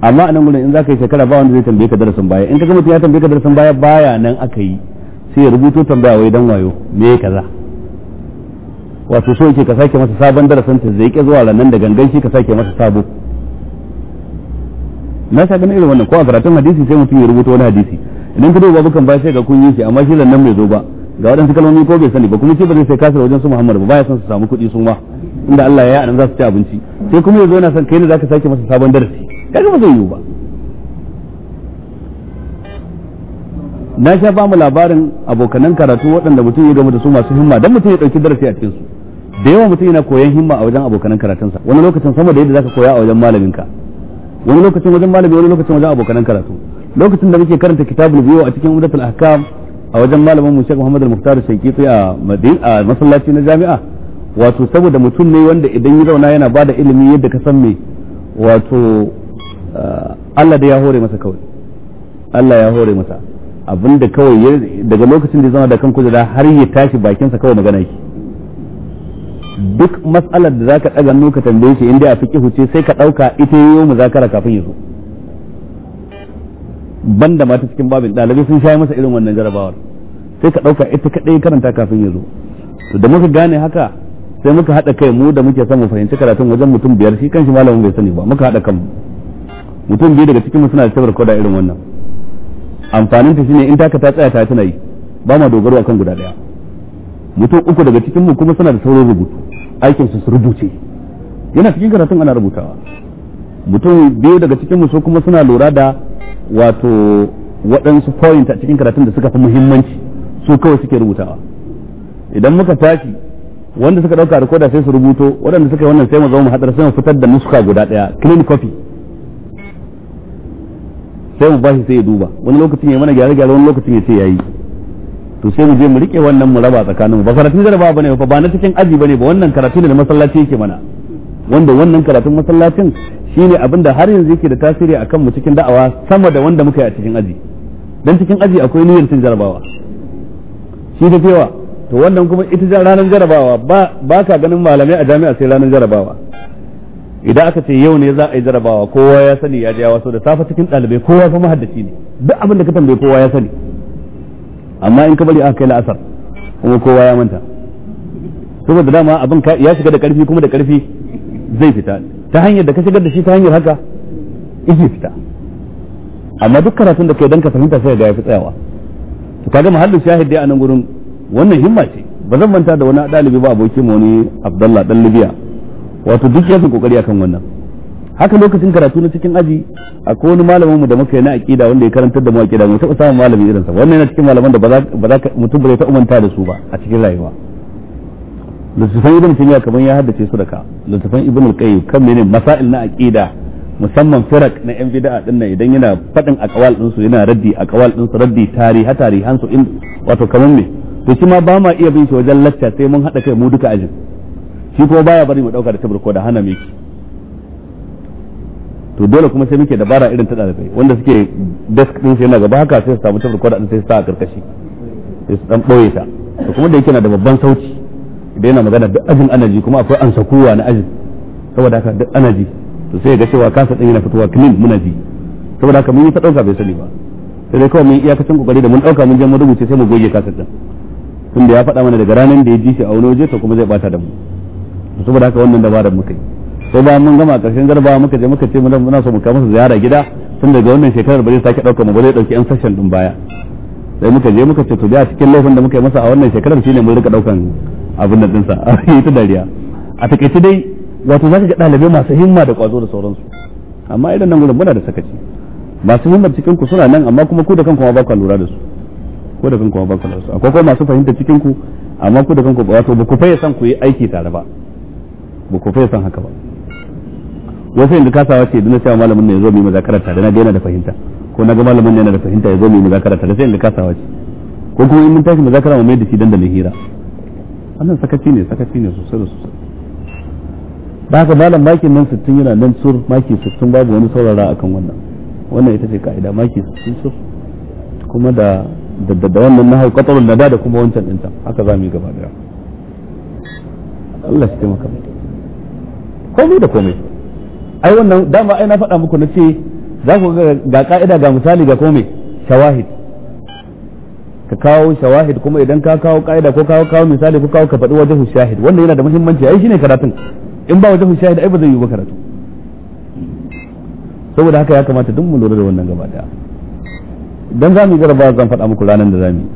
amma a nan gurin in zaka yi shekara ba wanda zai tambaye ka darasin baya in ka gama ya tambaye ka darasin baya baya nan aka yi sai ya rubuto tambaya wai dan wayo me kaza wato so yake ka sake masa sabon darasin ta zai ke zuwa ranan da gangan shi ka sake masa sabo na sa ganin irin wannan ko a karatun hadisi sai mutum ya rubuta wani hadisi idan ka duba babukan ba sai ga kun yi shi amma shi nan bai zo ba ga waɗansu kalmomi ko bai sani ba kuma ce ba zai sai kasar wajen su Muhammad ba baya son su samu kuɗi su ma inda Allah ya anan za su ci abinci sai kuma yanzu yana son kai ne zaka sake masa sabon darasi kaga ba zai yiwu ba na sha ba mu labarin abokanan karatu waɗanda mutum ya gama da su masu himma dan mutum ya ɗauki darasi a cikin su da yawa mutum yana koyan himma a wajen abokanan karatunsa wani lokacin sama da yadda zaka koya a wajen malaminka wani lokacin wajen malami wani lokacin wajen abokanan karatu lokacin da muke karanta kitabul biyu a cikin umdatul ahkam a wajen malamin mu Sheikh Muhammad Al-Muhtar Shaqiqi a madin a masallaci na jami'a wato saboda mutum ne wanda idan ya zauna yana bada ilimi yadda ka san me wato Allah da ya hore masa kawai Allah ya hore masa abinda kawai daga lokacin da ya zama da kan kujera har ya tashi bakinsa kawai magana yake duk matsalar da zaka daga nuka tambaye shi inda a fiqihu ce sai ka ɗauka ita yayo muzakara zakara kafin ya zo banda mata cikin babin dalibai sun shayi masa irin wannan jarabawar sai ka ɗauka ita kaɗai karanta kafin ya zo to da muka gane haka sai muka haɗa kai mu da muke son mu fahimci karatun wajen mutum biyar shi kanshi malamin bai sani ba muka haɗa kan mutum biyu daga cikin mu suna da tabar koda irin wannan amfanin ta shine in taka ta tsaya ta tunayi yi ba ma dogaro akan guda ɗaya mutum uku daga cikin mu kuma suna da sauran rubutu aikin su rubuce yana cikin karatun ana rubutawa mutum biyu daga cikin mu su kuma suna lura da wato waɗansu point a cikin karatun da suka fi muhimmanci su kawai suke rubutawa idan muka tashi wanda suka ɗauka rikoda sai su rubuto waɗanda suka yi wannan sai mu zama mu hadar sai mu fitar da nuska guda ɗaya clean copy sai mu bashi sai ya duba wani lokacin ya mana gyare gyare wani lokacin ya ce yayi to sai mu je mu rike wannan mu raba tsakaninmu ba karatun jarabawa bane ba ba na cikin aji bane ba wannan karatu ne da masallaci yake mana wanda wannan karatun masallacin shine abin da har yanzu yake da tasiri a kanmu cikin da'awa sama da wanda muka yi a cikin aji don cikin aji akwai niyyar cin jarabawa shi da fewa to wannan kuma ita ranar jarabawa ba ka ganin malamai a jami'a sai ranar jarabawa idan aka ce yau ne za a yi jarabawa kowa ya sani ya ya waso da safa cikin ɗalibai kowa fa mahaddaci ne duk abin da ka tambaye kowa ya sani amma in ka bari aka kai la'asar kuma kowa ya manta saboda dama abin ya shiga da karfi kuma da karfi zai fita ta hanyar da ka shigar da shi ta hanyar haka ije fita amma duk karatun da kai dan ka fahimta sai ga ya fi tsayawa to kaga mahallin shahid dai a nan gurin wannan himma ce ba zan manta da wani dalibi ba abokin mu wani Abdullah dan Libya wato duk yakin kokari akan wannan haka lokacin karatu na cikin aji akwai wani malamin mu da muka yi na aqida wanda ya karantar da mu aqida mu taɓa samun malami irin sa wannan yana cikin malaman da ba za mutum ba zai ta umanta da su ba a cikin rayuwa littafan ibn taymiya kamar ya haddace su da ka littafan ibn al-qayyim kan mene masail na aqida musamman firak na yan bid'a din nan idan yana fadin aqwal din su yana raddi aqwal din su raddi tarihi tarihan su wato kamar me to shi ma ba ma iya bin shi wajen lacca sai mun hada kai mu duka ajin shi kuma baya bari mu dauka da tabarko da hana miki to dole kuma sai muke dabara irin ta dalibai wanda suke desk din sai yana gaba haka sai su samu tabarko da sai su sa a karkashi sai su dan boye ta to kuma da yake na da babban sauci idan yana magana duk ajin anaji kuma akwai sakuwa na ajin saboda haka duk anaji to sai ga cewa kansa din yana fitowa clean muna ji saboda haka mun yi ta dauka bai sani ba sai dai kawai mun iyakacin kokari da mun dauka mun je mun rubuce sai mu goge kasar din da ya faɗa mana daga ranar da ya ji shi a wani waje to kuma zai bata da mu saboda haka wannan dabarar muka yi sai bayan mun gama karshen garba muka je muka ce muna so mu kai masa ziyara gida tun daga wannan shekarar ba zai sake dauka mu ba zai dauki yan sashen din baya sai muka je muka ce to da cikin laifin da muka yi masa a wannan shekarar shine mun rika daukan abin da dinsa yi ta dariya a takaice dai wato ka ga dalibai masu himma da kwazo da sauransu amma idan nan gurin muna da sakaci masu himmar cikin ku suna nan amma kuma ku da kanku ma ba ku lura da su ku da kanku ma ba ku lura da su akwai kuma masu fahimta cikin ku amma ku da kanku ba wato ba ku faye san ku yi aiki tare ba ba ku faye san haka ba wasu yanzu kasawa ce da na cewa malamin ne ya zo mu yi muzakara tare na daina da fahimta ko na ga malamin ne yana da fahimta ya zo mu yi muzakara tare sai yanzu kasawa ce ko kuma in mun tashi muzakara mu mai da shi dandalin hira wannan sakaci ne sakaci ne sosai da sosai da haka malam makin nan sittin yana nan sur maki sittin babu wani saurara akan wannan wannan ita ce ka'ida maki sittin sur kuma da da wannan na haƙatar nada da kuma wancan ɗinta haka za mu yi gaba daya Allah shi taimaka komai da komai ai wannan dama ai na faɗa muku na ce za ku ga ka'ida ga misali ga komai shawahid ka kawo shawahid kuma idan ka kawo ka'ida ko kawo kawo misali ko kawo ka faɗi wajen shahid wannan yana da muhimmanci ai shine karatun in ba wajen shahid ai ba zai yi ba karatu saboda haka ya kamata duk mu lura da wannan gaba daya dan za mu yi garba zan faɗa muku ranar da za mu yi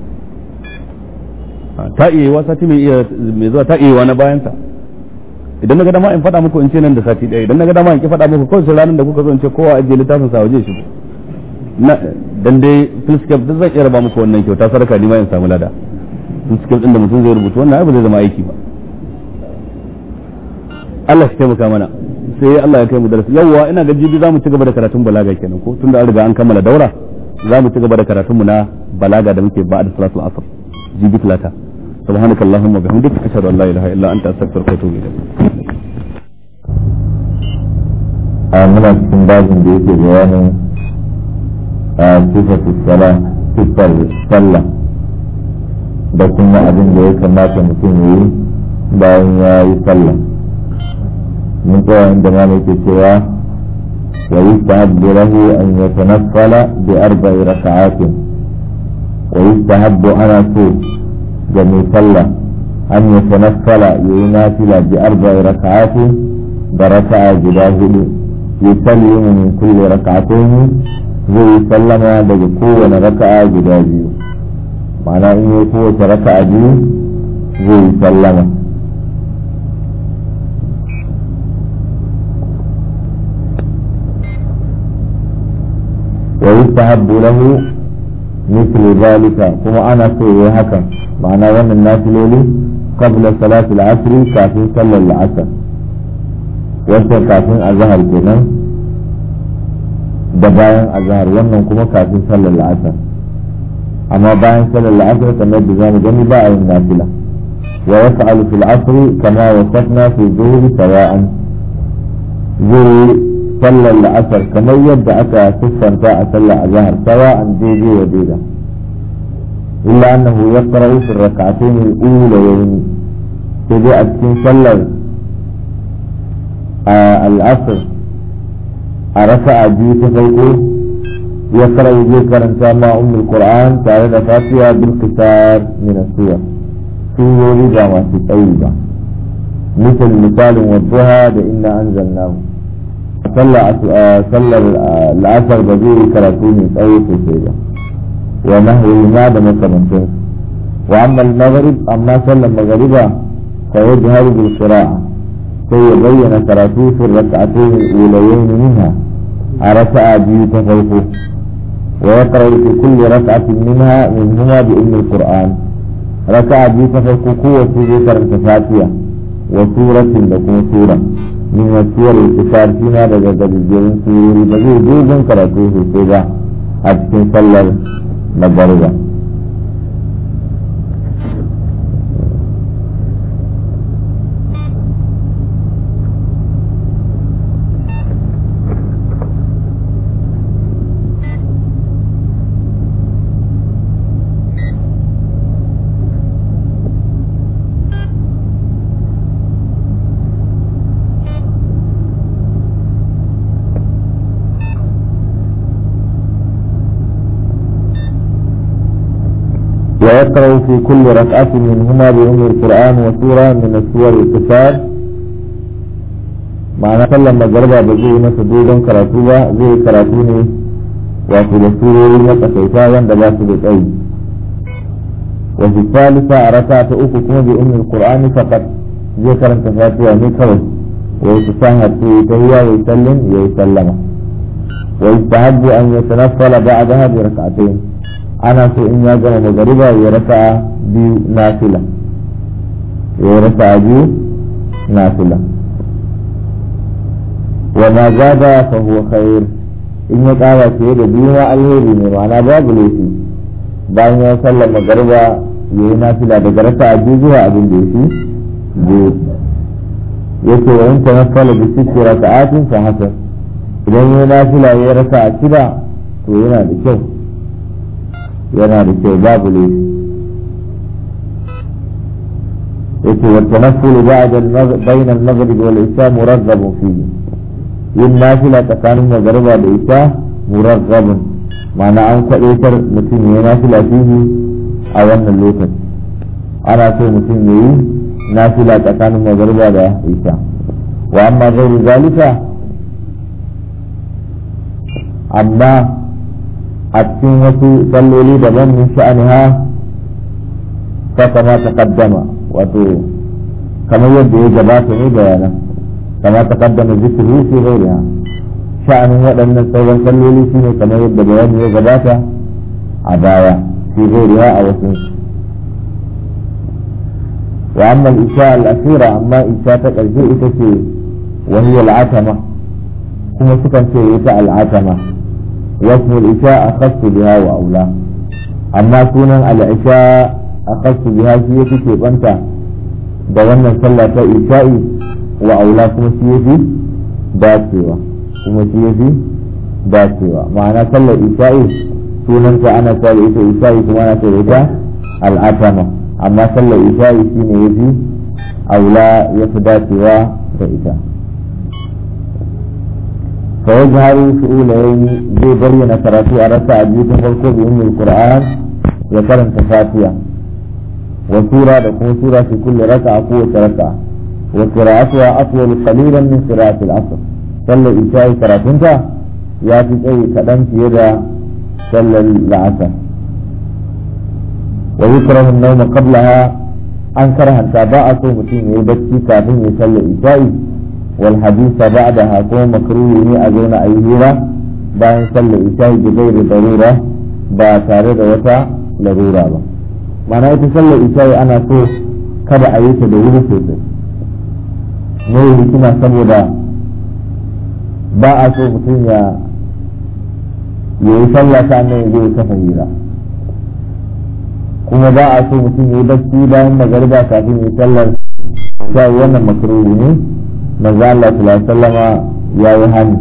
ah, ta iya yiwa sati mai iya mai zuwa ta iya yiwa na bayan ta idan na ga dama in faɗa muku in ce nan da sati ɗaya idan na ga dama in ki faɗa muku kawai ranar da kuka zo in ce kowa ajiye littafin sa waje shi dan dai filskap duk zai raba muku wannan kyauta sadaka ni ma in samu lada filskap din da mutum zai rubuta wannan ba zai zama aiki ba Allah ya taimaka mana sai Allah ya kai mu darasi yawwa ina ga jibi zamu ci gaba da karatun balaga kenan ko tunda an riga an kammala daura zamu ci gaba da karatun mu na balaga da muke ba'da salatul asr jibi talata subhanaka allahumma bihamdika ashhadu an la ilaha illa anta astaghfiruka wa atubu ilaik a muna cikin dajin da yake bayanin صفة الصلاة صفة الصلاة da kuma abin da ya kamata mutum ya yi bayan ya yi sallah mun tsaya inda ma yake cewa wa yustahabbu lahu an yatanaffala bi arba'i raka'atin wa yustahabbu ana so ga mai sallah an yatanaffala yayi nafila bi arba'i raka'atin da raka'a guda hudu yusallimu min kulli raka'atayn zai sallama daga kowane raka'a guda biyu ma'ana in yi kowace raka'a biyu zai sallama wa yustahabbu lahu مثل ذلك كما أنا في هكا معنى وأن النافلة قبل صلاة العصر كافي صلى العصر وصل كافي أظهر كنا da bayan azhar wannan kuma kafin sallar la'asar amma bayan sallar la'asar kamar da zamu gani ba a yin nafila wa yaf'alu fil asr kama wasafna fi dhuhri sawa'an zuri sallar la'asar kamar yadda aka siffanta a sallar azhar sawa'an daidai wa daidai إلا أنه يقرأ في الركعتين الأوليين a cikin sallar al'asr a rasa a biyu ta farko ya fara zai karanta ma ummul qur'an tare da fatiha bil qisar min sun sura ba masu tsayi ba misal misalin wadduha da inna anzalnahu sallar la'asar ba zai yi karatu mai tsawo sosai ba wa nahwi ma da makamantansu wa amma amma sallar maghriba fa yajharu bil qira'ah كي كراته في الركعتين الأوليين منها بيوت فوقه ويقرأ في كل ركعة منها منهما بأم القرآن بيوت فوقه وسورة الفاتحة وسورة لكم سورة من السور الكفار فينا بجد الجيرين سوري بجد جيزن كراته في سورة أتكن صلى مبارزة ويقرأ في كل ركعة منهما بأم القرآن وسورة من السور الكفار معنى صلى بجيه ما سبيدا كراتوبا زي كراتوني وفي السورة وكفيتا وندباس بالأي وفي الثالثة ركعة أخكم بأم القرآن فقط ذكر انتفاتي تفاتيها نكوي ويتفاهد في تهيا ويسلم ويسلم ويستحب أن يتنفل بعدها بركعتين ana so in ya gama magariba ya rasa biyu na fila ya rasa biyu na fila wa za zada fa huwa khair in ya kara fiye da biyu na alheri ne ma'ana babu laifi bayan ya sallama magariba ya yi nafila daga rasa biyu zuwa abin da ya fi biyu ce wa in tanaffala bi sitti raka'atin sa hasan idan ya nafila ya rasa a shida to yana da kyau yana da kyau babu laifi yake والتنفل بعد المغرب بين المغرب والعشاء مرغب فيه yin nafila tsakanin magariba da ita muraggabin ma'ana an kwaɗaitar mutum ya yi nafila fihi a wannan lokaci ana so mutum ya yi nafila tsakanin garba da isa wa amma zai zalika amma a cikin wasu salloli daban min sha'aniha ta kama ta kaddama wato kamar yadda ya gabata ne bayana kama ta kaddama zikiri fi ghairiha sha'anin waɗannan sauran salloli shine kamar yadda bayani ya gabata a baya fi ghairiha a wasu wa amma isha al-akhira amma isha ta ƙarshe ita ce wani wahiyal atama kuma sukan ce ita al-atama واسم العشاء أخص بها وأولى أما سنة العشاء أخص بها في كتب أنت دوانا صلى العشاء وأولى كما سيفي داتيوة كما سيفي داتيوة معنى صلاة العشاء سنة أنا صلى العشاء كما أنا صلاة العتمة أما صلى العشاء سنة يفي أولى يفي داتيوة فإشاء فيجهر في أولين بيبري بين كراتي أرسى أجيب فرقه بأم القرآن وكرم تفاتيا وسورة تكون سورة في كل ركعة قوة ركعة وقراءتها أطول قليلا من قراءة العصر صلى إشاء كراتنك ياتي أي في يدا صلى العصر ويكره النوم قبلها أنكرها تابعته متين يبكي كافين يصلي إشائي wal hadisa ba'daha kuma makruhi ne a zauna a yi hira bayan sallar isha bi ghairi darura ba tare da wata larura ba ma'ana ita sallar isha ana so kada a yi ta da wuri sosai ne hikima saboda ba a so mutum ya yi sallah sannan zai kafa kuma ba a so mutum ya yi bacci bayan magariba kafin ya sallar sai wannan makruhi ne manzo Allah sallallahu alaihi ya yi hani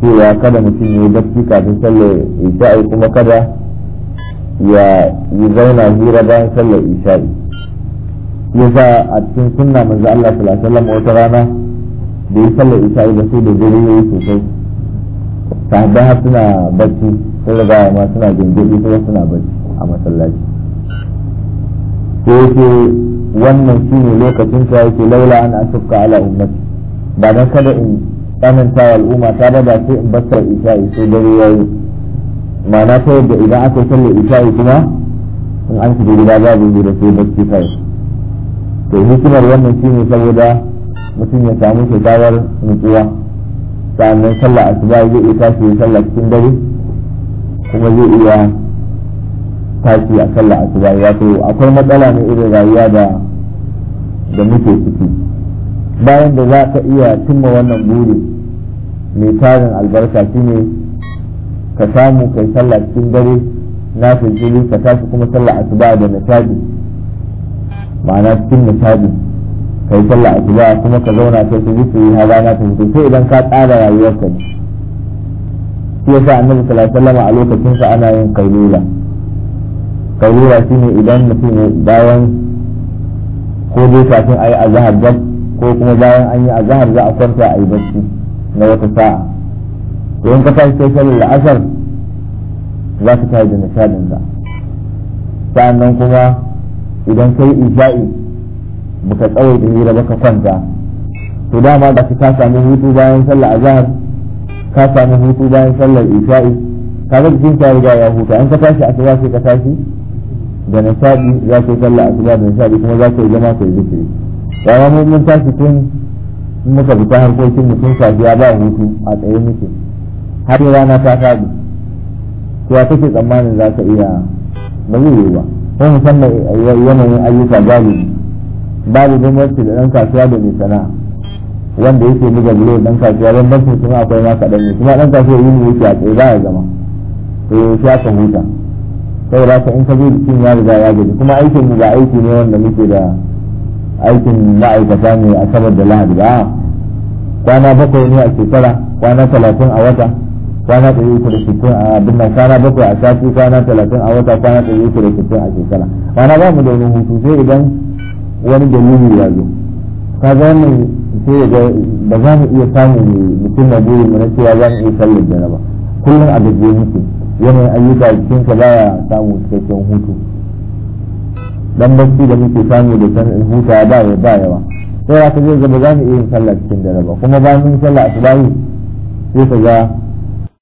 cewa kada mutum ya yi bacci kafin sallar isha'i kuma kada ya yi zauna hira bayan sallar isha'i sa a cikin sunna manzo Allah sallallahu alaihi wata rana da ya sallar isha'i da sai da dare yayi sosai sahabbai har suna bacci sun riga ma suna gingiri kuma suna bacci a masallaci sai wannan shine lokacin ta yake laula an asubka ala ummati ba dan kada in tsananta wa al'umma ta ba sai in basar isha'i sai dare yayi ma'ana ta yadda idan aka sallar isha'i kuma in an shiga gida babu da sai bacci kai to hikimar wannan shine saboda mutum ya samu kyakkyawar nutsuwa sannan sallah asuba zai iya tashi sallar cikin dare kuma zai iya tashi a sallah asuba wato akwai matsala ne irin rayuwa da da muke ciki bayan da za ka iya cimma wannan buri mai tarin albarka shine ka samu kai sallah cikin dare na filfili ka tashi kuma sallah asuba da nishadi ma'ana cikin nishadi kai sallah asuba kuma ka zauna kai su zuci har rana ta fito sai idan ka tsara rayuwarka ne shi yasa annabi sallallahu alaihi wasallam a lokacin sa ana yin kailula ƙarura shi ne idan mutum ne bayan ko dai kafin a yi azahar gab ko kuma bayan an yi azahar za a kwanta a yi bacci na wata sa'a to in ka tashi sai sallar la'asar za ka tashi da nishadinka sa'annan kuma idan kai isha'i baka da hira ba ka kwanta to dama da ka sami hutu bayan sallar azahar ka sami hutu bayan sallar isha'i ka jikin ta riga ya huta in ka tashi a sai ka tashi da nishadi za ka yi sallah asuba da nishadi kuma za ka yi zama ka yi zikiri rana mummun tashi tun muka fita harkokin mutum tun safiya ba hutu a tsaye muke har rana ta fadi to a kake tsammanin za ka iya ba zai yi ba ko musamman yanayin ayyuka galibi babu bambanci da ɗan kasuwa da mai sana'a wanda yake buga gure ɗan kasuwa bambancin kuma akwai ma kaɗan ne kuma ɗan kasuwa yin yake a tsaye ba ya zama to ya shafa huta saboda haka in ka je jikin ya riga ya gaji kuma aikin mu ba aiki ne wanda muke da aikin ma'aikata ne a sabar da lahadi ba kwana bakwai ne a shekara kwana talatin a wata kwana ɗari uku da sittin a abin kwana bakwai a sati kwana talatin a wata kwana ɗari uku da sittin a shekara kwana ba mu da wani hutu sai idan wani dalili ya zo ka ga wannan sai ga ba za mu iya samun mutum na buri mu na cewa za mu iya sallar ba kullum a gajiyar muke yanayin ayyuka jikinka baya samu cikakken hutu dan bacci da muke samu da san huta ba ya ba yawa sai ka zai zama za mu iya yin sallah cikin dare ba kuma bayan mun sallah asubahi sai ka ga